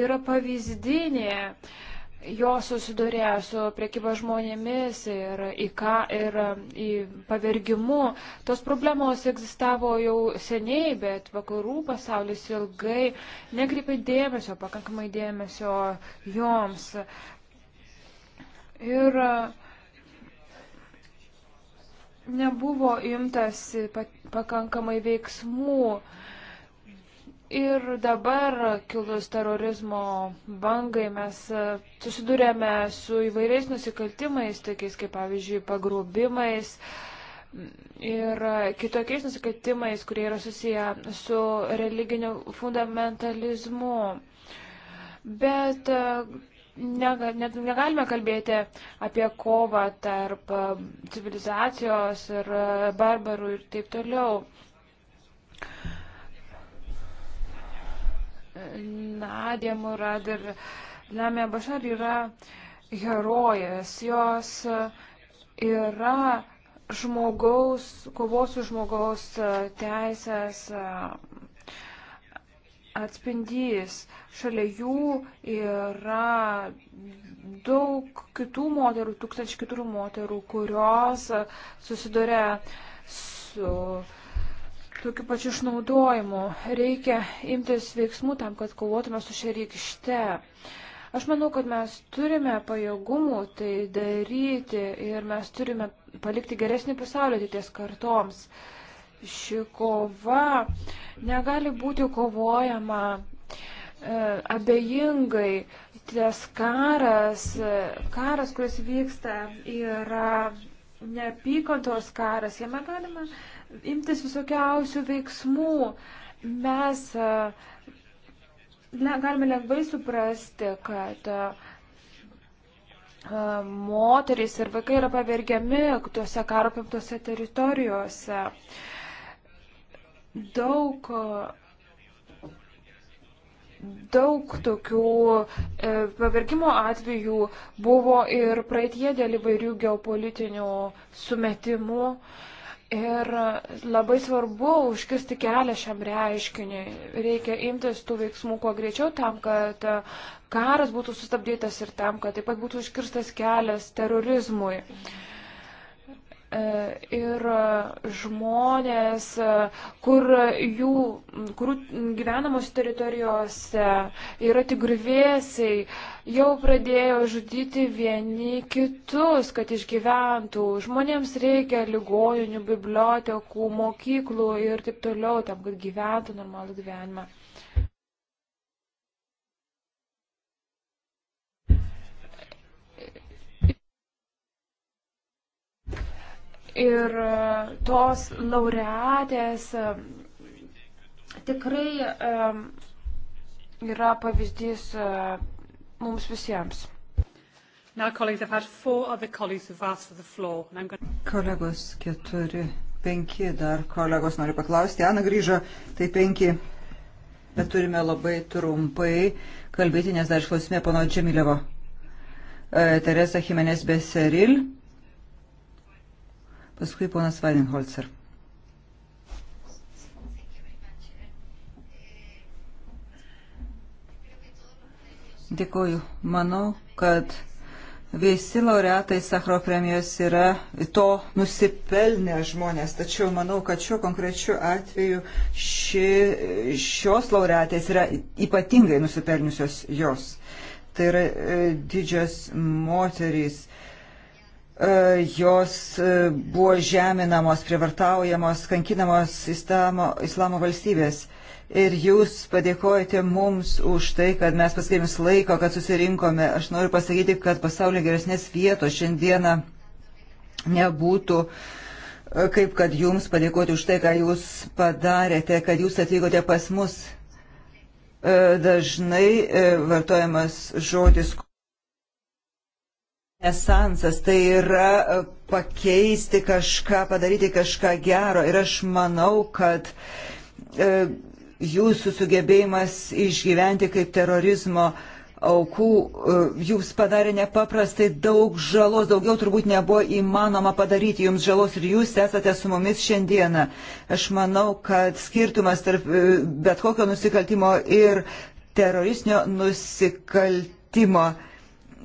[SPEAKER 7] yra pavyzdinė. Uh, jos susidurė su priekyba žmonėmis ir, į ką, ir um, į pavergimu. Tos problemos egzistavo jau seniai, bet vakarų pasaulis ilgai nekreipė dėmesio, pakankamai dėmesio joms. Ir um, nebuvo imtas pakankamai veiksmų. Uh, Ir dabar kilus terorizmo bangai mes e, susidurėme su įvairiais nusikaltimais, tokiais kaip pavyzdžiui pagrobimais ir kitokiais nusikaltimais, kurie yra susiję su religiniu fundamentalizmu. Bet e, negalime kalbėti apie kovą tarp e, civilizacijos ir barbarų ir taip toliau. Nadė Murad ir Lamė Bašar yra herojės. Jos yra žmogaus, kovos už žmogaus teisės atspindys. Šalia jų yra daug kitų moterų, tūkstančių kitų moterų, kurios susiduria su tokiu pačiu išnaudojimu. Reikia imtis veiksmų tam, kad kovotume su šia rykšte. Aš manau, kad mes turime pajėgumų tai daryti ir mes turime palikti geresnį pasaulio ateities kartoms. Ši kova negali būti kovojama e, abejingai. Tas karas, e, karas, kuris vyksta, yra neapykantos karas. Jame galima uh, imtis visokiausių veiksmų. Mes ne, galime lengvai suprasti, kad moterys ir vaikai yra pavergiami tuose karo apimtose teritorijuose. Daug daug tokių e, pavergimo atvejų buvo ir praeitie dėl įvairių geopolitinių sumetimų. E, Ir labai svarbu užkirsti kelią šiam reiškiniui. Reikia imtis tų veiksmų kuo greičiau tam, kad karas būtų sustabdytas ir tam, kad taip pat būtų užkirstas kelias terorizmui. Mhm ir žmonės, kur jų, kurių gyvenamos teritorijose yra tik grįvėsiai, jau pradėjo žudyti vieni kitus, kad išgyventų. Žmonėms reikia ligoninių, bibliotekų, mokyklų ir taip toliau, tam, kad gyventų normalų gyvenimą.
[SPEAKER 2] Ir e,
[SPEAKER 7] tos laureatės e, tikrai e, yra pavyzdys mums visiems. Now, colleagues,
[SPEAKER 3] I've had four other colleagues who've asked for the floor. And I'm going...
[SPEAKER 2] Kolegos keturi, penki dar kolegos noriu paklausti. Ana grįžo, tai penki. Bet turime labai trumpai kalbėti, nes dar išklausime pano Džemilevo. E, Teresa Jimenez Beseril Paskui ponas Weidenholzer. Dėkoju. Manau, kad visi laureatai Sakro premijos yra to nusipelnę žmonės. Tačiau manau, kad šiuo konkrečiu atveju ši, šios laureatės yra ypatingai nusipelniusios jos. Tai yra e, didžios moterys E, jos e, buvo žeminamos, prievartaujamos, kankinamos islamo, islamo valstybės. Ir jūs padėkojate mums už tai, kad mes paskirėm laiko, kad susirinkome. Aš noriu pasakyti, kad pasaulio geresnės vietos šiandieną nebūtų uh, kaip kad jums padėkoti už tai, ką jūs padarėte, kad jūs atvykote pas mus. Dažnai vartojamas žodis Esansas tai yra e, pakeisti kažką, padaryti kažką gero. Ir aš manau, kad e, jūsų sugebėjimas išgyventi kaip terorizmo aukų e, jūs padarė nepaprastai daug žalos, daugiau turbūt nebuvo įmanoma padaryti jums žalos ir jūs esate su mumis šiandieną. Aš manau, kad skirtumas tarp e, bet kokio nusikaltimo ir teroristinio nusikaltimo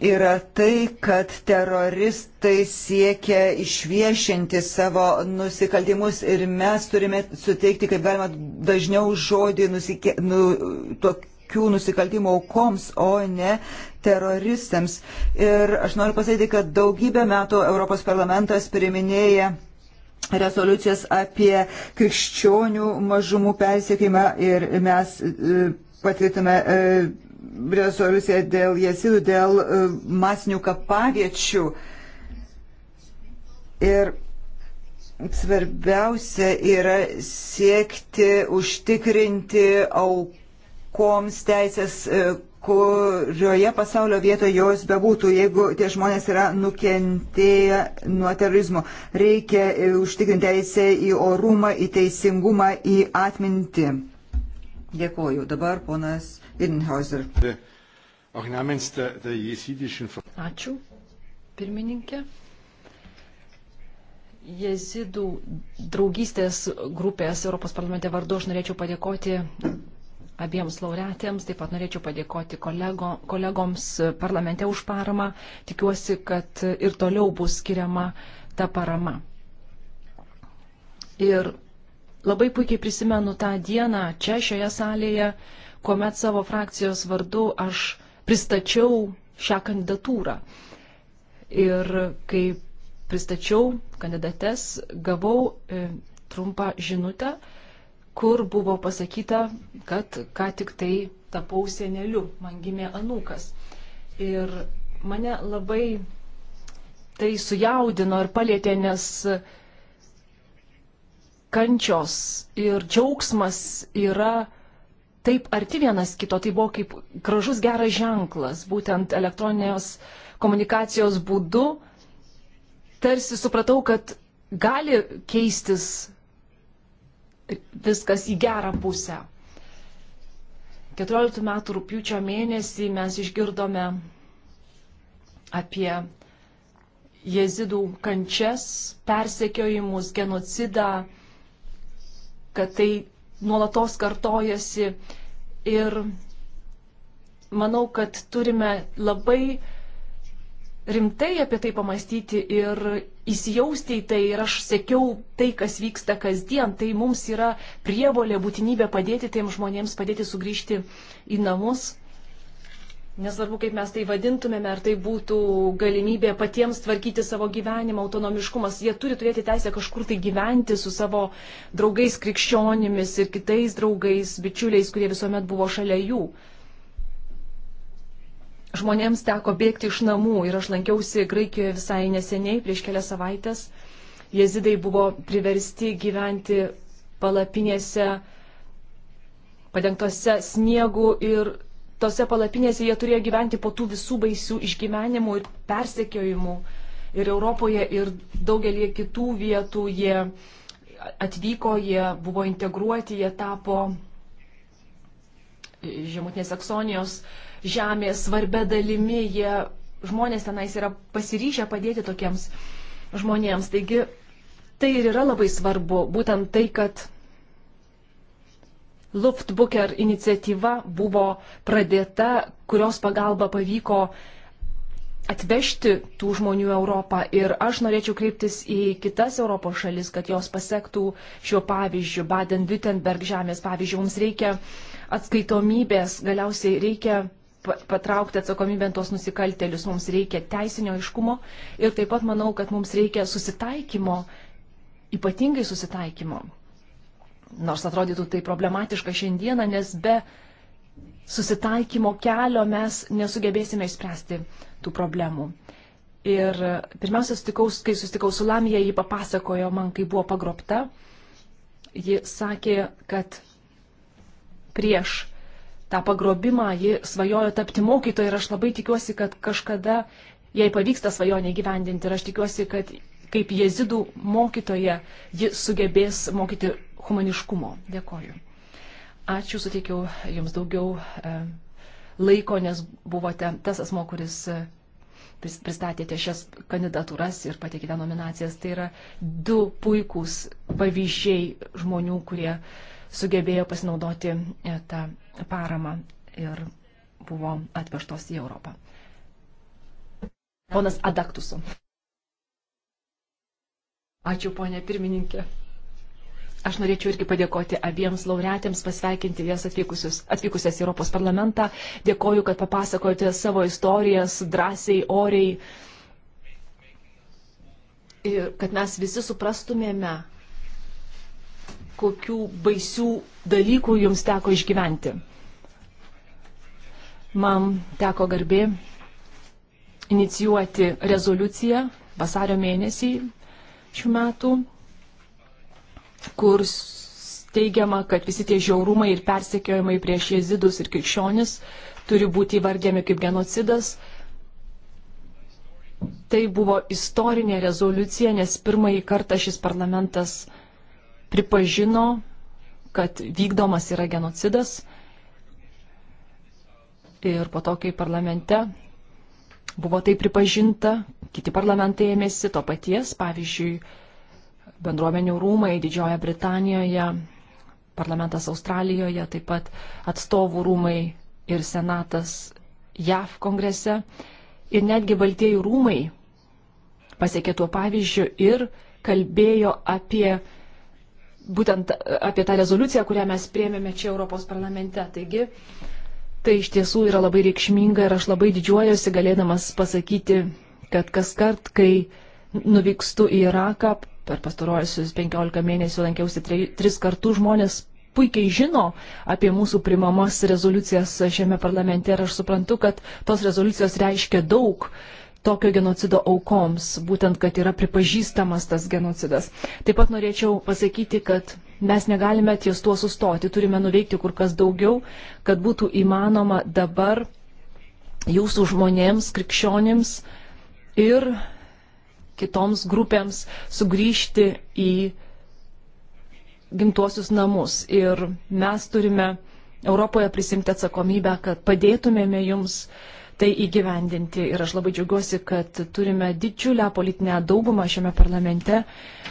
[SPEAKER 2] yra tai, kad teroristai siekia išviešinti savo nusikaltimus ir mes turime suteikti, kaip galima, dažniau žodį nusike, nu, tokių nusikaltimų aukoms, o ne teroristams. Ir aš noriu pasakyti, kad daugybę metų Europos parlamentas priminėja rezoliucijas apie krikščionių mažumų persiekimą ir mes e, patvirtume e, rezoliuciją dėl jesidų, dėl e, masinių kapaviečių. Ir svarbiausia yra siekti užtikrinti aukoms teisės, e, kurioje pasaulio vietoje jos bebūtų, jeigu tie žmonės yra nukentėję nuo terorizmo. Reikia e, užtikrinti teisę į orumą, į teisingumą, į atmintį. Dėkoju. Dabar ponas Innhauser.
[SPEAKER 4] Ačiū, pirmininkė. Jezidų draugystės grupės Europos parlamente vardu aš norėčiau padėkoti abiems laureatėms, taip pat norėčiau padėkoti kolego, kolegoms parlamente už paramą. Tikiuosi, kad ir toliau bus skiriama ta parama. Ir labai puikiai prisimenu tą dieną čia šioje salėje, kuomet savo frakcijos vardu aš pristačiau šią kandidatūrą. Ir kai pristačiau kandidates, gavau e, trumpą žinutę, kur buvo pasakyta, kad ką tik tai tapau seneliu, man gimė anūkas. Ir mane labai tai sujaudino ir palėtė, nes kančios ir džiaugsmas yra taip arti vienas kito, tai buvo kaip gražus geras ženklas, būtent elektroninės komunikacijos būdu, tarsi supratau, kad gali keistis viskas į gerą pusę. 14 metų rūpiučio mėnesį mes išgirdome apie jezidų kančias, persekiojimus, genocidą, kad tai nuolatos kartojasi ir manau, kad turime labai rimtai apie tai pamastyti ir įsijausti į tai ir aš sekiau tai, kas vyksta kasdien, tai mums yra prievolė, būtinybė padėti tiem žmonėms, padėti sugrįžti į namus Nesvarbu, kaip mes tai vadintumėme, ar tai būtų galimybė patiems tvarkyti savo gyvenimą, autonomiškumas, jie turi turėti teisę kažkur tai gyventi su savo draugais krikščionimis ir kitais draugais, bičiuliais, kurie visuomet buvo šalia jų. Žmonėms teko bėgti iš namų ir aš lankiausi Graikijoje visai neseniai, prieš kelias savaitės. Jezidai buvo priversti gyventi palapinėse padengtose sniegu ir tose palapinėse jie turėjo gyventi po tų visų baisių išgyvenimų ir persekiojimų. Ir Europoje, ir daugelį kitų vietų jie atvyko, jie buvo integruoti, jie tapo žemutinės Saksonijos žemės svarbia dalimi, jie žmonės tenais yra pasiryžę padėti tokiems žmonėms. Taigi tai ir yra labai svarbu, būtent tai, kad Luftbooker iniciatyva buvo pradėta, kurios pagalba pavyko atvežti tų žmonių Europą. Ir aš norėčiau kreiptis į kitas Europos šalis, kad jos pasektų šiuo pavyzdžiu, Baden-Württemberg žemės pavyzdžiu. Mums reikia atskaitomybės, galiausiai reikia patraukti atsakomybę tos nusikaltelius, mums reikia teisinio aiškumo ir taip pat manau, kad mums reikia susitaikymo, ypatingai susitaikymo. Nors atrodytų tai problematiška šiandieną, nes be susitaikymo kelio mes nesugebėsime išspręsti tų problemų. Ir pirmiausia, sustikau, kai sustikau su Lamija, ji papasakojo man, kai buvo pagrobta, ji sakė, kad prieš tą pagrobimą ji svajojo tapti mokytoja ir aš labai tikiuosi, kad kažkada jai pavyks tą svajonę įgyvendinti ir aš tikiuosi, kad kaip jezidų mokytoja ji sugebės mokyti humaniškumo. Dėkoju. Ačiū, suteikiau Jums daugiau e, laiko, nes buvote tas asmo, kuris e, pristatėte šias kandidatūras ir pateikite nominacijas. Tai yra du puikūs pavyzdžiai žmonių, kurie sugebėjo pasinaudoti e, tą paramą ir buvo atvežtos į Europą. Ponas Adaktusu. Ačiū, ponė pirmininkė. Aš norėčiau irgi padėkoti abiems laureatėms, pasveikinti jas atvykusias į Europos parlamentą. Dėkoju, kad papasakojate savo istorijas drąsiai, oriai. Ir kad mes visi suprastumėme, kokių baisių dalykų jums teko išgyventi. Man teko garbė inicijuoti rezoliuciją vasario mėnesį šių metų kur teigiama, kad visi tie žiaurumai ir persekiojimai prieš jezidus ir krikščionis turi būti įvardėmi kaip genocidas. Tai buvo istorinė rezoliucija, nes pirmąjį kartą šis parlamentas pripažino, kad vykdomas yra genocidas. Ir po to, kai parlamente buvo tai pripažinta, kiti parlamentai ėmėsi to paties, pavyzdžiui, bendruomenių rūmai Didžiojoje Britanijoje, parlamentas Australijoje, taip pat atstovų rūmai ir senatas JAV kongrese. Ir netgi Baltieji rūmai pasiekė tuo pavyzdžiu ir kalbėjo apie būtent apie tą rezoliuciją, kurią mes priemėme čia Europos parlamente. Taigi, tai iš tiesų yra labai reikšminga ir aš labai didžiuojuosi galėdamas pasakyti, kad kas kart, kai nuvykstu į Iraką, per pastaruosius 15 mėnesių lankiausi tre, tris kartus žmonės puikiai žino apie mūsų primamas rezoliucijas šiame parlamente ir aš suprantu, kad tos rezoliucijos reiškia daug tokio genocido aukoms, būtent, kad yra pripažįstamas tas genocidas. Taip pat norėčiau tusakyti, kad mes negalime ties tuo sustoti, turime nuveikti kur kas daugiau, kad būtų įmanoma dabar jūsų žmonėms, krikščionims ir kitoms grupėms sugrįžti į gimtuosius namus. Ir mes turime Europoje prisimti atsakomybę, kad padėtumėme jums tai įgyvendinti. Ir aš labai džiaugiuosi, kad turime didžiulę politinę daugumą šiame parlamente,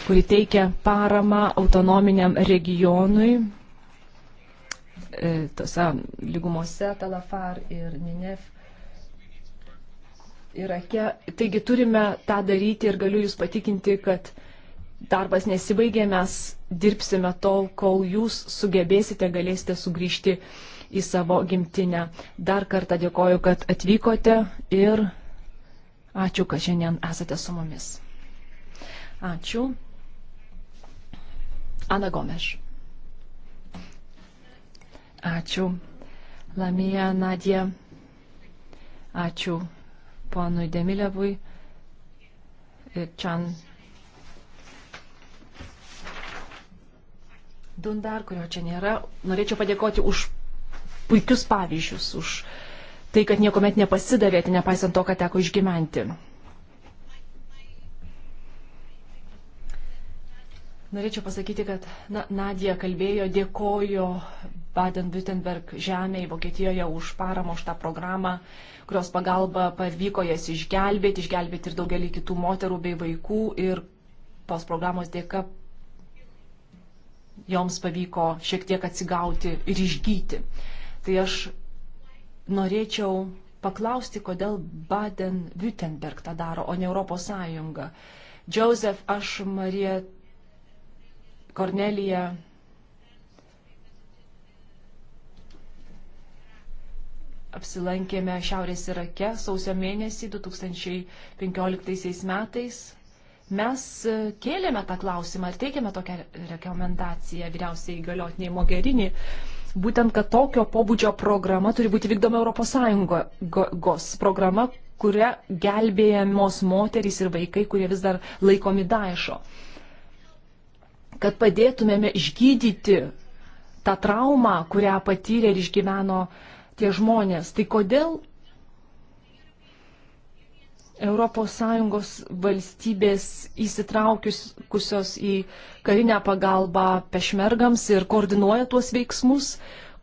[SPEAKER 4] kuri teikia paramą autonominiam regionui, e, tose lygumose Talafar ir Ninef Irake. Taigi turime tą daryti ir galiu Jūs patikinti, kad darbas nesibaigė, mes dirbsime tol, kol Jūs sugebėsite, galėsite sugrįžti į savo gimtinę. Dar kartą dėkoju, kad atvykote ir ačiū, kad šiandien esate su mumis. Ačiū. Ana Gomeš. Ačiū. Lamija Nadija. Ačiū ponui Demilevui ir Čan Dundar, kurio čia nėra. Norėčiau padėkoti už puikius pavyzdžius, už tai, kad niekuomet nepasidavėte, nepaisant to, kad teko išgyventi. Norėčiau pasakyti, kad na, Nadija kalbėjo, dėkojo Baden-Württemberg žemėje, Vokietijoje už paramą, už tą programą, kurios pagalba pavyko jas išgelbėti, išgelbėti ir daugelį kitų moterų bei vaikų. Ir tos programos dėka joms pavyko šiek tiek atsigauti ir išgyti. Tai aš norėčiau paklausti, kodėl Baden-Württemberg tą daro, o ne Europos Sąjunga. Joseph, aš Marija Kornelija apsilankėme Šiaurės Irake sausio mėnesį 2015 metais. Mes e, kėlėme tą klausimą ir teikėme tokią rekomendaciją vyriausiai įgaliotiniai Mogerinį, būtent, kad tokio pobūdžio programa turi būti vykdoma ES programa, kuria gelbėjamos moterys ir vaikai, kurie vis dar laikomi daešo. Kad padėtumėme išgydyti tą traumą, kurią patyrė ir išgyveno uh, tie žmonės. Tai kodėl ES valstybės įsitraukiusios į karinę pagalbą pešmergams ir koordinuoja tuos veiksmus,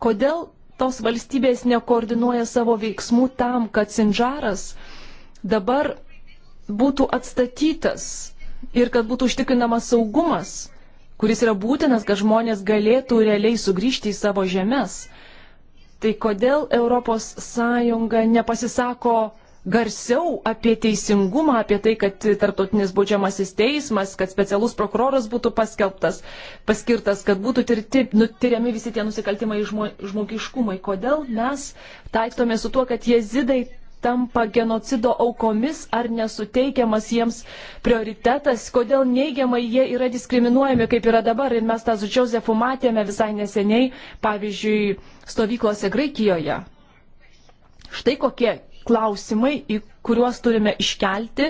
[SPEAKER 4] kodėl tos valstybės nekoordinuoja savo veiksmų tam, kad Sinžaras dabar būtų atstatytas ir kad būtų užtikrinamas saugumas, kuris yra būtinas, kad žmonės galėtų realiai sugrįžti į savo žemės. Tai kodėl ES nepasisako garsiau apie teisingumą, apie tai, kad tarptautinis baudžiamasis teismas, kad specialus prokuroras būtų paskelbtas, paskirtas, kad būtų tirti, nutiriami visi tie nusikaltimai žmo, žmogiškumai. Kodėl mes taikstomės su tuo, kad jezidai tampa genocido aukomis, ar nesuteikiamas jiems prioritetas, kodėl neigiamai jie yra diskriminuojami, kaip yra dabar. Ir mes tą su Čiauzefu matėme visai neseniai, pavyzdžiui, stovyklose Graikijoje. Štai kokie klausimai, į kuriuos turime iškelti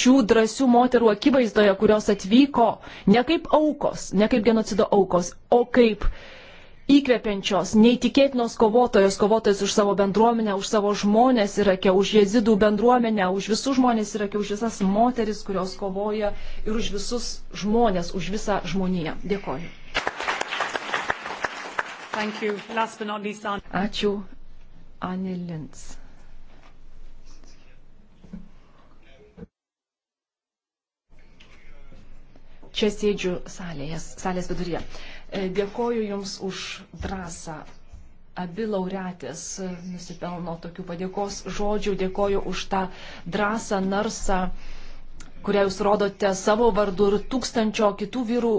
[SPEAKER 4] šių drąsių moterų akivaizdoje, kurios atvyko ne kaip aukos, ne kaip genocido aukos, o kaip uh, įkvepiančios, neįtikėtinos kovotojos, kovotojos už savo bendruomenę, už savo žmonės Irake, už jezidų bendruomenę, už visus žmonės Irake, už visas moteris, kurios kovoja ir už visus žmonės, už visą žmoniją. Dėkoju. Ačiū, Anilins. čia sėdžiu salėje, salės viduryje. E, dėkoju Jums už drąsą. Abi laureatės nusipelno tokių padėkos žodžių. Dėkoju už tą drąsą, narsą, kurią Jūs rodote savo vardu ir tūkstančio kitų vyrų,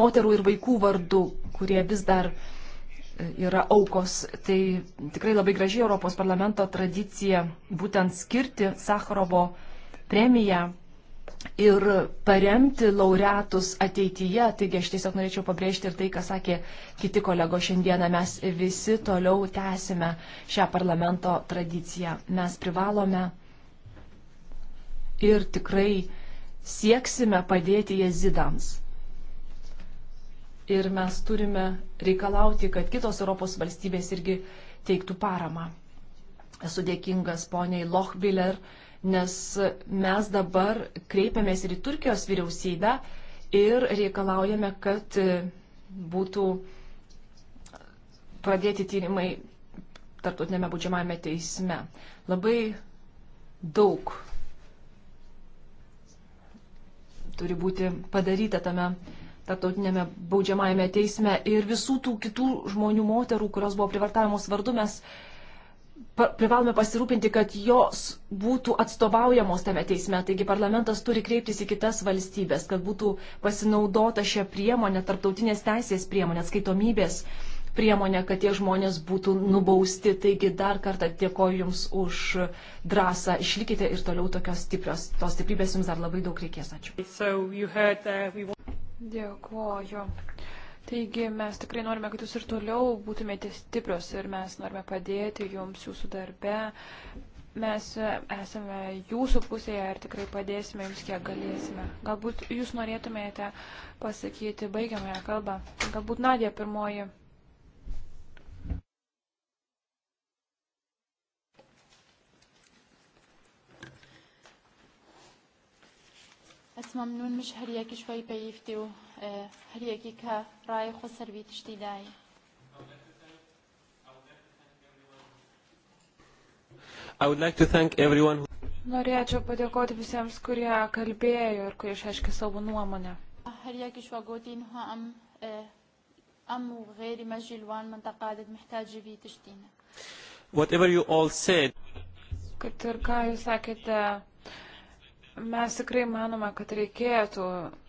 [SPEAKER 4] moterų ir vaikų vardu, kurie vis dar e, yra aukos. Tai tikrai labai gražiai Europos parlamento tradicija būtent skirti Sakharovo premiją ir paremti laureatus ateityje. Taigi aš tiesiog norėčiau pabrėžti ir tai, ką sakė kiti kolego šiandieną. Mes visi toliau tęsime šią parlamento tradiciją. Mes privalome ir tikrai sieksime padėti jezidams. Ir mes turime reikalauti, kad kitos Europos valstybės irgi teiktų paramą. Esu dėkingas poniai Lochbiller nes mes dabar kreipiamės ir į Turkijos vyriausybę ir reikalaujame, kad e, būtų pradėti tyrimai tarptautinėme būdžiamame teisme. Labai daug turi būti padaryta tame tarptautinėme baudžiamajame teisme ir visų tų kitų žmonių, moterų, kurios buvo privartavimos vardu, mes privalome pasirūpinti, kad jos būtų atstovaujamos tame teisme. Taigi parlamentas turi kreiptis į kitas valstybės, kad būtų pasinaudota šią priemonę, tarptautinės teisės priemonę, skaitomybės priemonę, kad tie žmonės būtų nubausti. Taigi dar kartą dėkoju Jums už drąsą. Išlikite ir toliau tokios stiprios. Tos stiprybės Jums dar labai daug reikės. Ačiū.
[SPEAKER 7] So uh, Dėkoju. Taigi mes tikrai norime, kad jūs ir toliau būtumėte stiprios ir mes norime padėti jums jūsų darbe. Mes esame jūsų pusėje ir tikrai padėsime jums, kiek galėsime. Galbūt jūs norėtumėte pasakyti baigiamąją kalbą. Galbūt Nadė pirmoji.
[SPEAKER 5] اسمع من وين مش هرياكي شوي بيفتي هەریەکی کە ڕای خۆ سەروی تشتی دایە.
[SPEAKER 6] I would like to thank everyone who...
[SPEAKER 7] Norėčiau padėkoti visiems, kurie kalbėjo ir kurie išaiškė savo nuomonę.
[SPEAKER 6] Whatever you all said.
[SPEAKER 7] Kad ir ką jūs sakėte, mes tikrai manome, kad reikėtų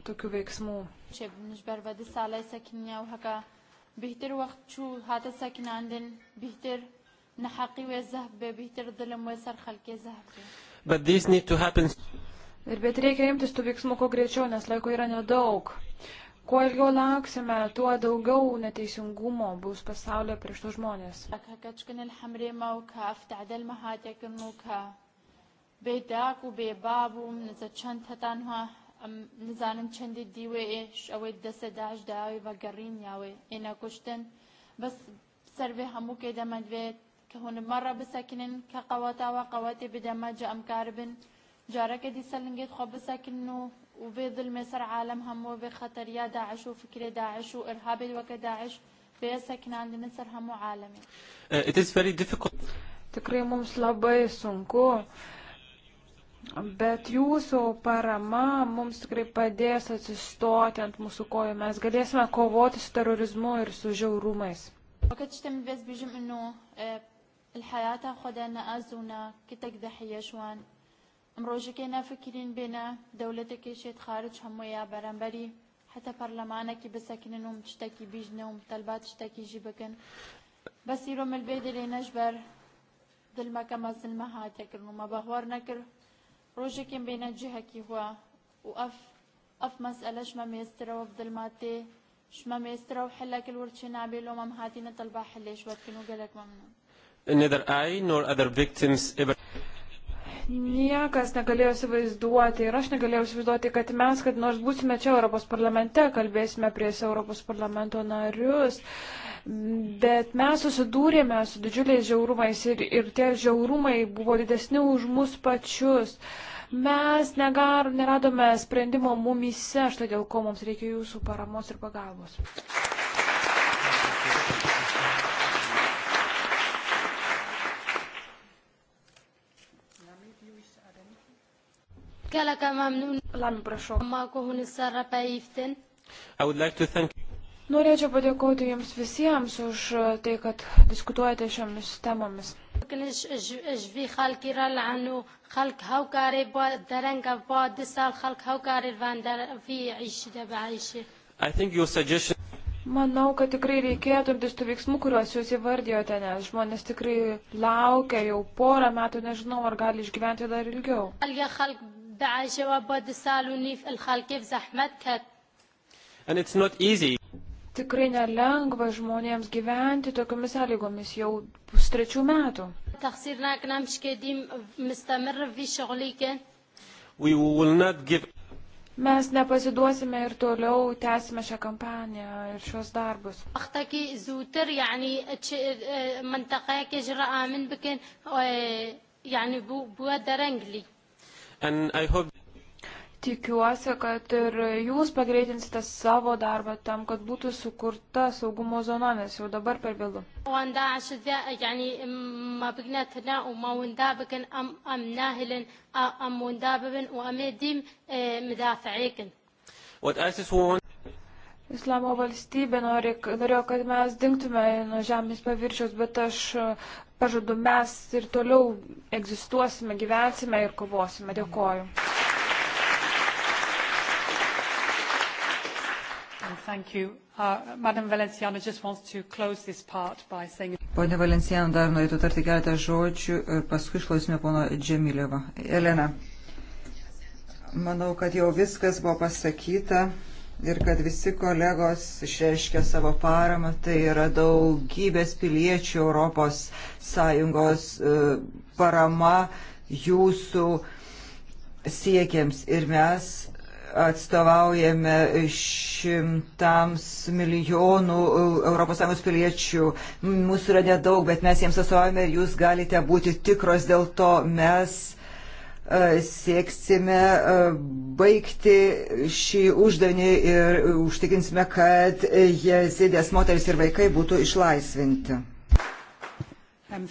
[SPEAKER 7] tokių veiksmų.
[SPEAKER 5] شب نجبر بدي سالة ساكنية وهكا بهتر وقت شو هات ساكن عندن بهتر نحقي ويزهب بهتر ظلم ويسر خلقي زهب
[SPEAKER 6] But these need to happen.
[SPEAKER 7] Ir bet reikia imtis tų veiksmų kuo greičiau, nes laiko yra nedaug. Kuo ilgiau lauksime, tuo daugiau neteisingumo bus pasaulyje prieš tų žmonės.
[SPEAKER 5] بيداك وبيباب ومن إذا كان تتنها نزانم چەندی دیوێ ئێش ئەوەی دەسە داش داوی بە گەڕینیاوێ ئێنە کوشتن بس سەرێ هەموو کێ دەمەدوێت کە هونمەڕە بسەکنن کە قەوەتاوە قەوەتی بدەمەجە ئەمکار بن جارەکە دیسە لنگێت خۆ بسەکن و وبێ دڵمێ سەر عالم هەموو بێ خەتەریا داعش و فکرێ داعش و ئرهابێت وەکە داعش بێ سەکناندنە سەر هەموو عالمێ.
[SPEAKER 6] It is very difficult. Tikrai
[SPEAKER 7] mums labai sunku uh, Bet jūsų parama mums tikrai padės atsistoti ant mūsų kojų. Mes galėsime kovoti su terorizmu ir su žiaurumais.
[SPEAKER 5] الحياة تأخذ أنا أزونا كتك ضحية شوان أمروجي كنا فكرين بنا دولتك شيت خارج هم يا برنبري حتى برلمانك بسكننهم تشتكي بيجنهم طلبات تشتكي جيبكن بس يروم البيد اللي نجبر ظلمك ما ظلمها تكرن وما بغور نكر ڕۆژێکم بێنەجی هەکی هوە و ئەف ئەف مەسئلە شمە مێسترەوە بدڵماتێ شمە مێسترە و حلەکل ورچێ نابێ لۆمەم هاتینە تەلبا حلێش وەتکن و گەلەک مەمنە
[SPEAKER 6] Neither I nor other victims ever
[SPEAKER 7] niekas negalėjo įsivaizduoti ir aš negalėjau įsivaizduoti, kad mes, kad nors būsime čia Europos parlamente, kalbėsime prie Europos parlamento narius, Bet mes susidūrėme su didžiuliais žiaurumais ir, ir tie žiaurumai buvo didesni už mus pačius. Mes negar, neradome sprendimo mumise, štai dėl ko mums reikia jūsų paramos ir pagalbos.
[SPEAKER 1] Lami, prašau.
[SPEAKER 6] I would like to thank you.
[SPEAKER 7] Norėčiau padėkoti Jums visiems už tai, kad diskutuojate šiomis temomis. Suggestion... Manau, kad tikrai reikėtų imtis tų veiksmų, kuriuos Jūs įvardijote, nes žmonės tikrai laukia jau porą metų, nežinau, ar gali išgyventi dar ilgiau.
[SPEAKER 1] بعشرة وبعد سالوني الخال كيف زحمتك
[SPEAKER 6] and it's not easy
[SPEAKER 7] Tikrai nelengva žmonėms gyventi tokiomis sąlygomis jau pustrečių metų. Mes nepasiduosime ir toliau tęsime šią kampaniją
[SPEAKER 1] ir šios darbus. E, e,
[SPEAKER 6] And I hope
[SPEAKER 7] Tikiuosi, kad ir jūs pagreitinsite savo darbą tam, kad būtų sukurta saugumo zona, nes jau dabar per vėlų.
[SPEAKER 1] Mm,
[SPEAKER 6] e,
[SPEAKER 1] Islamo
[SPEAKER 7] valstybė nori, norėjo, kad mes dinktume nuo žemės paviršiaus, bet aš e, pažadu, mes ir toliau egzistuosime, gyvensime ir kovosime. Dėkoju. Mm -hmm. thank
[SPEAKER 3] you. Uh, Madam Valenciano just wants to close this part by saying...
[SPEAKER 2] Pone Valenciano dar norėtų tarti keletą žodžių ir e, paskui išklausime pono Džemilėvo. Elena, manau, kad jau viskas buvo pasakyta ir kad visi kolegos išreiškia savo paramą, tai yra daugybės piliečių Europos Sąjungos e, parama jūsų siekiams. Ir mes atstovaujame šimtams milijonų uh, ES piliečių. Mūsų yra nedaug, bet mes jiems atstovaujame ir jūs galite būti tikros dėl to mes uh, sieksime uh, baigti šį uždavinį ir užtikrinsime, kad jezidės moteris ir vaikai būtų išlaisvinti. Um,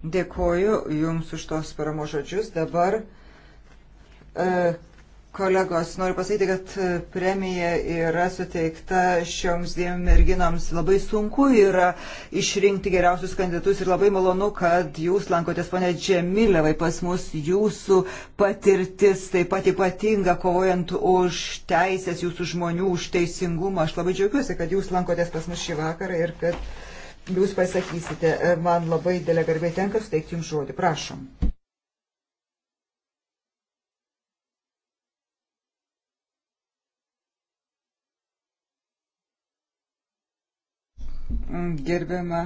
[SPEAKER 2] Dėkoju Jums už tos paramos žodžius. Dabar E, kolegos, noriu pasakyti, kad premija yra suteikta šioms dviem merginoms. Labai sunku yra išrinkti geriausius kandidatus ir labai malonu, kad jūs lankotės, ponė Džemilevai, pas mus jūsų patirtis taip pat ypatinga, kovojant už teisės jūsų žmonių, už teisingumą. Aš labai džiaugiuosi, kad jūs lankotės pas mus šį vakarą ir kad jūs pasakysite. E, man labai dėlė garbė tenka suteikti jums žodį. Prašom. gerbiama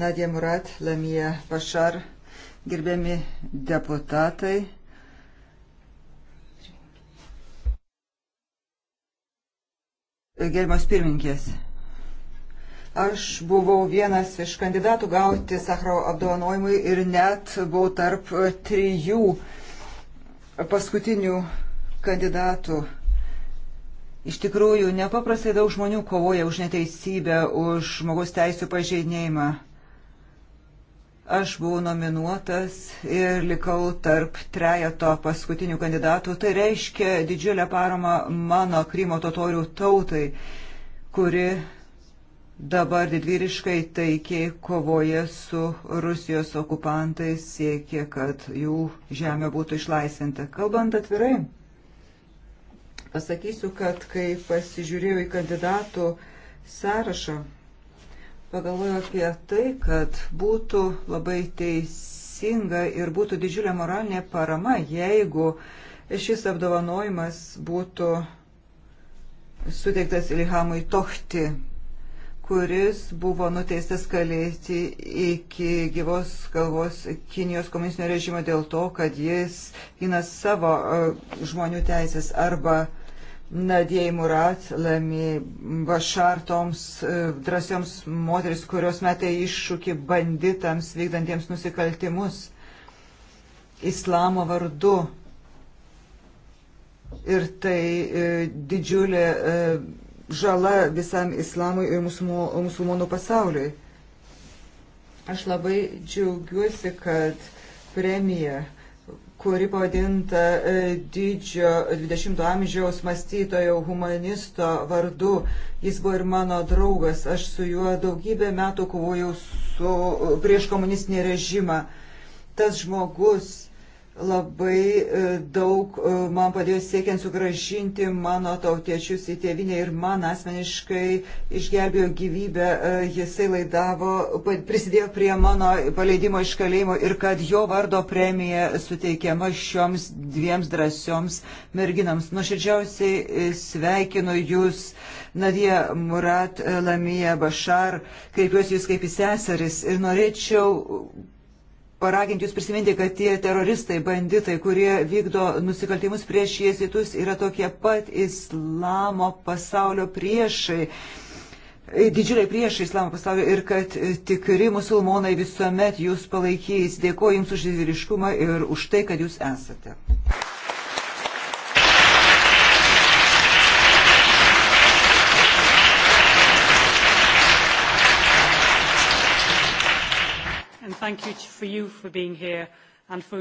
[SPEAKER 2] Nadė Murat, Lamija Pašar, gerbiami deputatai. Gerbiamas pirmininkės, aš buvau vienas iš kandidatų gauti Sakro apdovanojimui ir net buvau tarp trijų paskutinių kandidatų Iš tikrųjų, nepaprastai daug žmonių kovoja už neteisybę, už žmogus teisų pažeidinėjimą. Aš buvau nominuotas ir likau tarp trejato paskutinių kandidatų. Tai reiškia didžiulę paramą mano Krymo totorių tautai, kuri dabar didvyriškai taikiai kovoja su Rusijos okupantais, siekia, kad jų žemė būtų išlaisvinta. Kalbant atvirai, Pasakysiu, kad kai pasižiūrėjau į kandidatų sąrašą, pagalvojau apie tai, kad būtų labai teisinga ir būtų didžiulė moralinė parama, jeigu šis apdovanojimas būtų suteiktas Ilhamui Tohti, kuris buvo nuteistas kalėti iki gyvos kalvos Kinijos komunistinio režimo dėl to, kad jis gina savo e, žmonių teisės arba Nadėjai Murat, Lami Bašar, toms e, drąsioms moteris, kurios metai iššūkį banditams vykdantiems nusikaltimus islamo vardu. Ir tai e, didžiulė e, žala visam islamui ir musulmonų pasauliui. Aš labai džiaugiuosi, kad premija kuri pavadinta e, didžio 20-ojo amžiaus mąstytojo humanisto vardu. Jis buvo ir mano draugas. Aš su juo daugybę metų kovojau su prieš komunistinį režimą. Tas žmogus labai e, daug e, man padėjo siekiant sugražinti mano tautiečius į tėvinę ir man asmeniškai išgelbėjo gyvybę. E, jisai laidavo, prisidėjo prie mano paleidimo iš kalėjimo ir kad jo vardo premija suteikiama šioms dviems drąsioms merginams. Nuoširdžiausiai sveikinu Jūs, Nadija Murat Lamija Bašar, kreipiuosi Jūs kaip į seseris ir norėčiau paraginti jūs prisiminti, kad tie teroristai, banditai, kurie vykdo nusikaltimus prieš jėzitus, yra tokie pat islamo pasaulio priešai. Didžiuliai priešai islamo pasaulio ir kad tikri musulmonai visuomet jūs palaikys. Dėkuoju Jums už didvyriškumą ir už tai, kad Jūs esate.
[SPEAKER 3] thank you for you for being here and
[SPEAKER 4] for.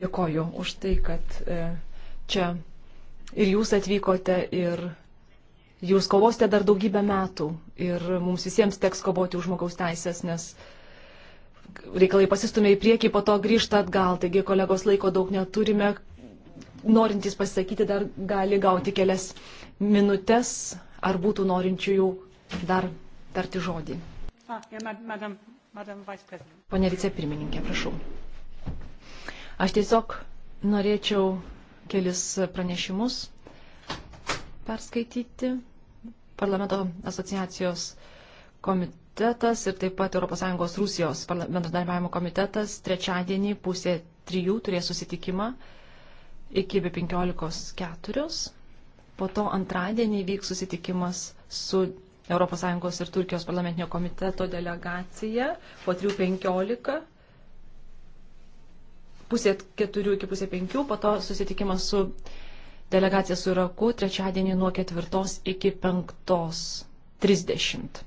[SPEAKER 4] Dėkoju už tai, kad e, čia ir jūs atvykote ir jūs kovosite dar daugybę metų ir mums visiems teks kovoti už žmogaus teisės, nes reikalai pasistumė į priekį, po to grįžta atgal. Taigi, kolegos, laiko daug neturime. Norintys pasisakyti dar gali gauti kelias minutės, ar būtų norinčiųjų dar tarti žodį.
[SPEAKER 3] Ah, ja, madam,
[SPEAKER 4] Pone vicepirmininkė, prašau. Aš tiesiog norėčiau kelis pranešimus perskaityti. Parlamento asociacijos komitetas ir taip pat ES Rusijos bendradarbiavimo komitetas trečiadienį pusė trijų turės susitikimą iki be 15.4. Po to antradienį vyks susitikimas su ES ir Turkijos parlamentinio komiteto delegacija po 3.15, pusė 4 iki pusė 5, po to susitikimas su delegacija su Iraku trečiadienį nuo 4 iki 5.30.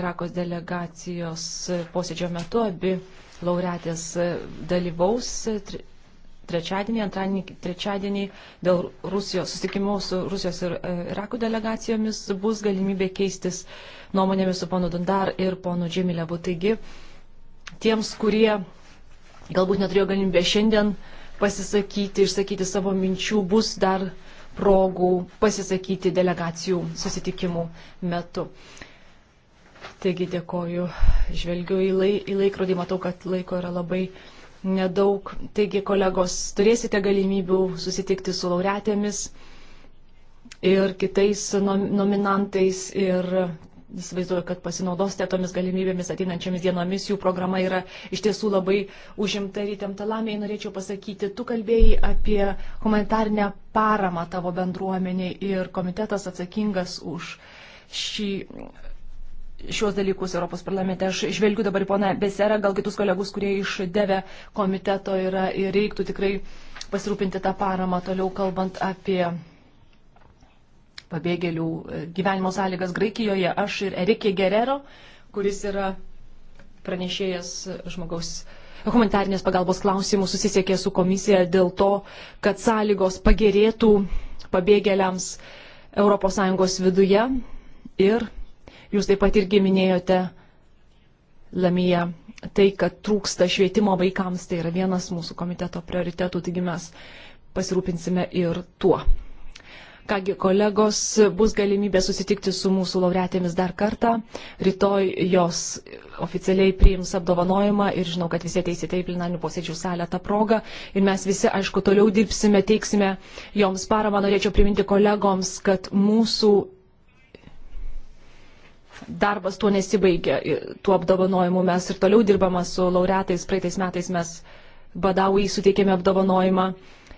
[SPEAKER 4] Irakos delegacijos posėdžio metu abi laureatės dalyvaus trečiadienį, antradienį, trečiadienį dėl Rusijos, susitikimo su Rusijos ir e, Irako delegacijomis bus galimybė keistis nuomonėmis su ponu Dundar ir ponu Džemilevu. Taigi, tiems, kurie galbūt neturėjo galimybę šiandien pasisakyti, išsakyti savo minčių, bus dar progų pasisakyti delegacijų susitikimų metu. Taigi dėkoju, žvelgiu į, lai, į laikrodį, matau, kad laiko yra labai nedaug. Taigi, kolegos, turėsite galimybių susitikti su laureatėmis ir kitais nominantais ir įsivaizduoju, kad pasinaudosite tomis galimybėmis ateinančiamis dienomis. Jų programa yra iš tiesų labai užimta ir įtempta. Lamiai norėčiau pasakyti, tu kalbėjai apie humanitarnę paramą tavo bendruomeniai ir komitetas atsakingas už šį šios dalykus Europos parlamente. Aš žvelgiu dabar į poną Beserą, gal kitus kolegus, kurie išdevė komiteto yra ir reiktų tikrai pasirūpinti tą paramą toliau kalbant apie pabėgėlių e, gyvenimo sąlygas Graikijoje. Aš ir Erikė Gerero, kuris yra pranešėjas žmogaus humanitarnės pagalbos klausimų, susisiekė su komisija dėl to, kad sąlygos pagerėtų pabėgėliams ES viduje ir Jūs taip pat irgi minėjote, Lamija, tai, kad trūksta švietimo vaikams, tai yra vienas mūsų komiteto prioritetų, taigi mes pasirūpinsime ir tuo. Kągi, kolegos, bus galimybė susitikti su mūsų laureatėmis dar kartą. Rytoj jos oficialiai priims apdovanojimą ir žinau, kad visi ateisite į plenarnių posėdžių salę tą progą. Ir mes visi, aišku, toliau dirbsime, teiksime joms paramą. Norėčiau priminti kolegoms, kad mūsų darbas tuo nesibaigia. Tuo apdovanojimu mes ir toliau dirbama su laureatais. Praeitais metais mes Badaui suteikėme apdovanojimą.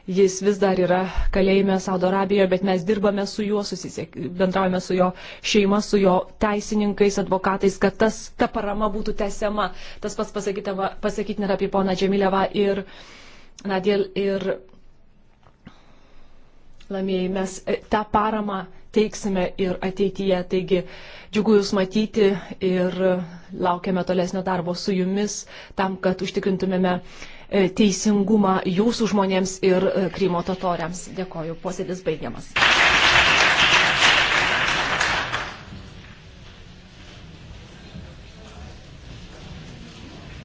[SPEAKER 4] Jis vis dar yra kalėjime Saudo Arabijoje, bet mes dirbame su juo, susisiek, bendraujame su jo šeima, su jo teisininkais, advokatais, kad tas, ta parama būtų tęsiama. Tas pats pasakyti nėra apie poną Džemilevą ir Nadėl ir Lamėjai. Mes e, tą paramą teiksime ir ateityje. Taigi džiugu Jūs matyti ir laukiame tolesnio darbo su Jumis tam, kad užtikrintumėme e, teisingumą Jūsų žmonėms ir e, Krymo totoriams. Dėkoju, posėdis baigiamas.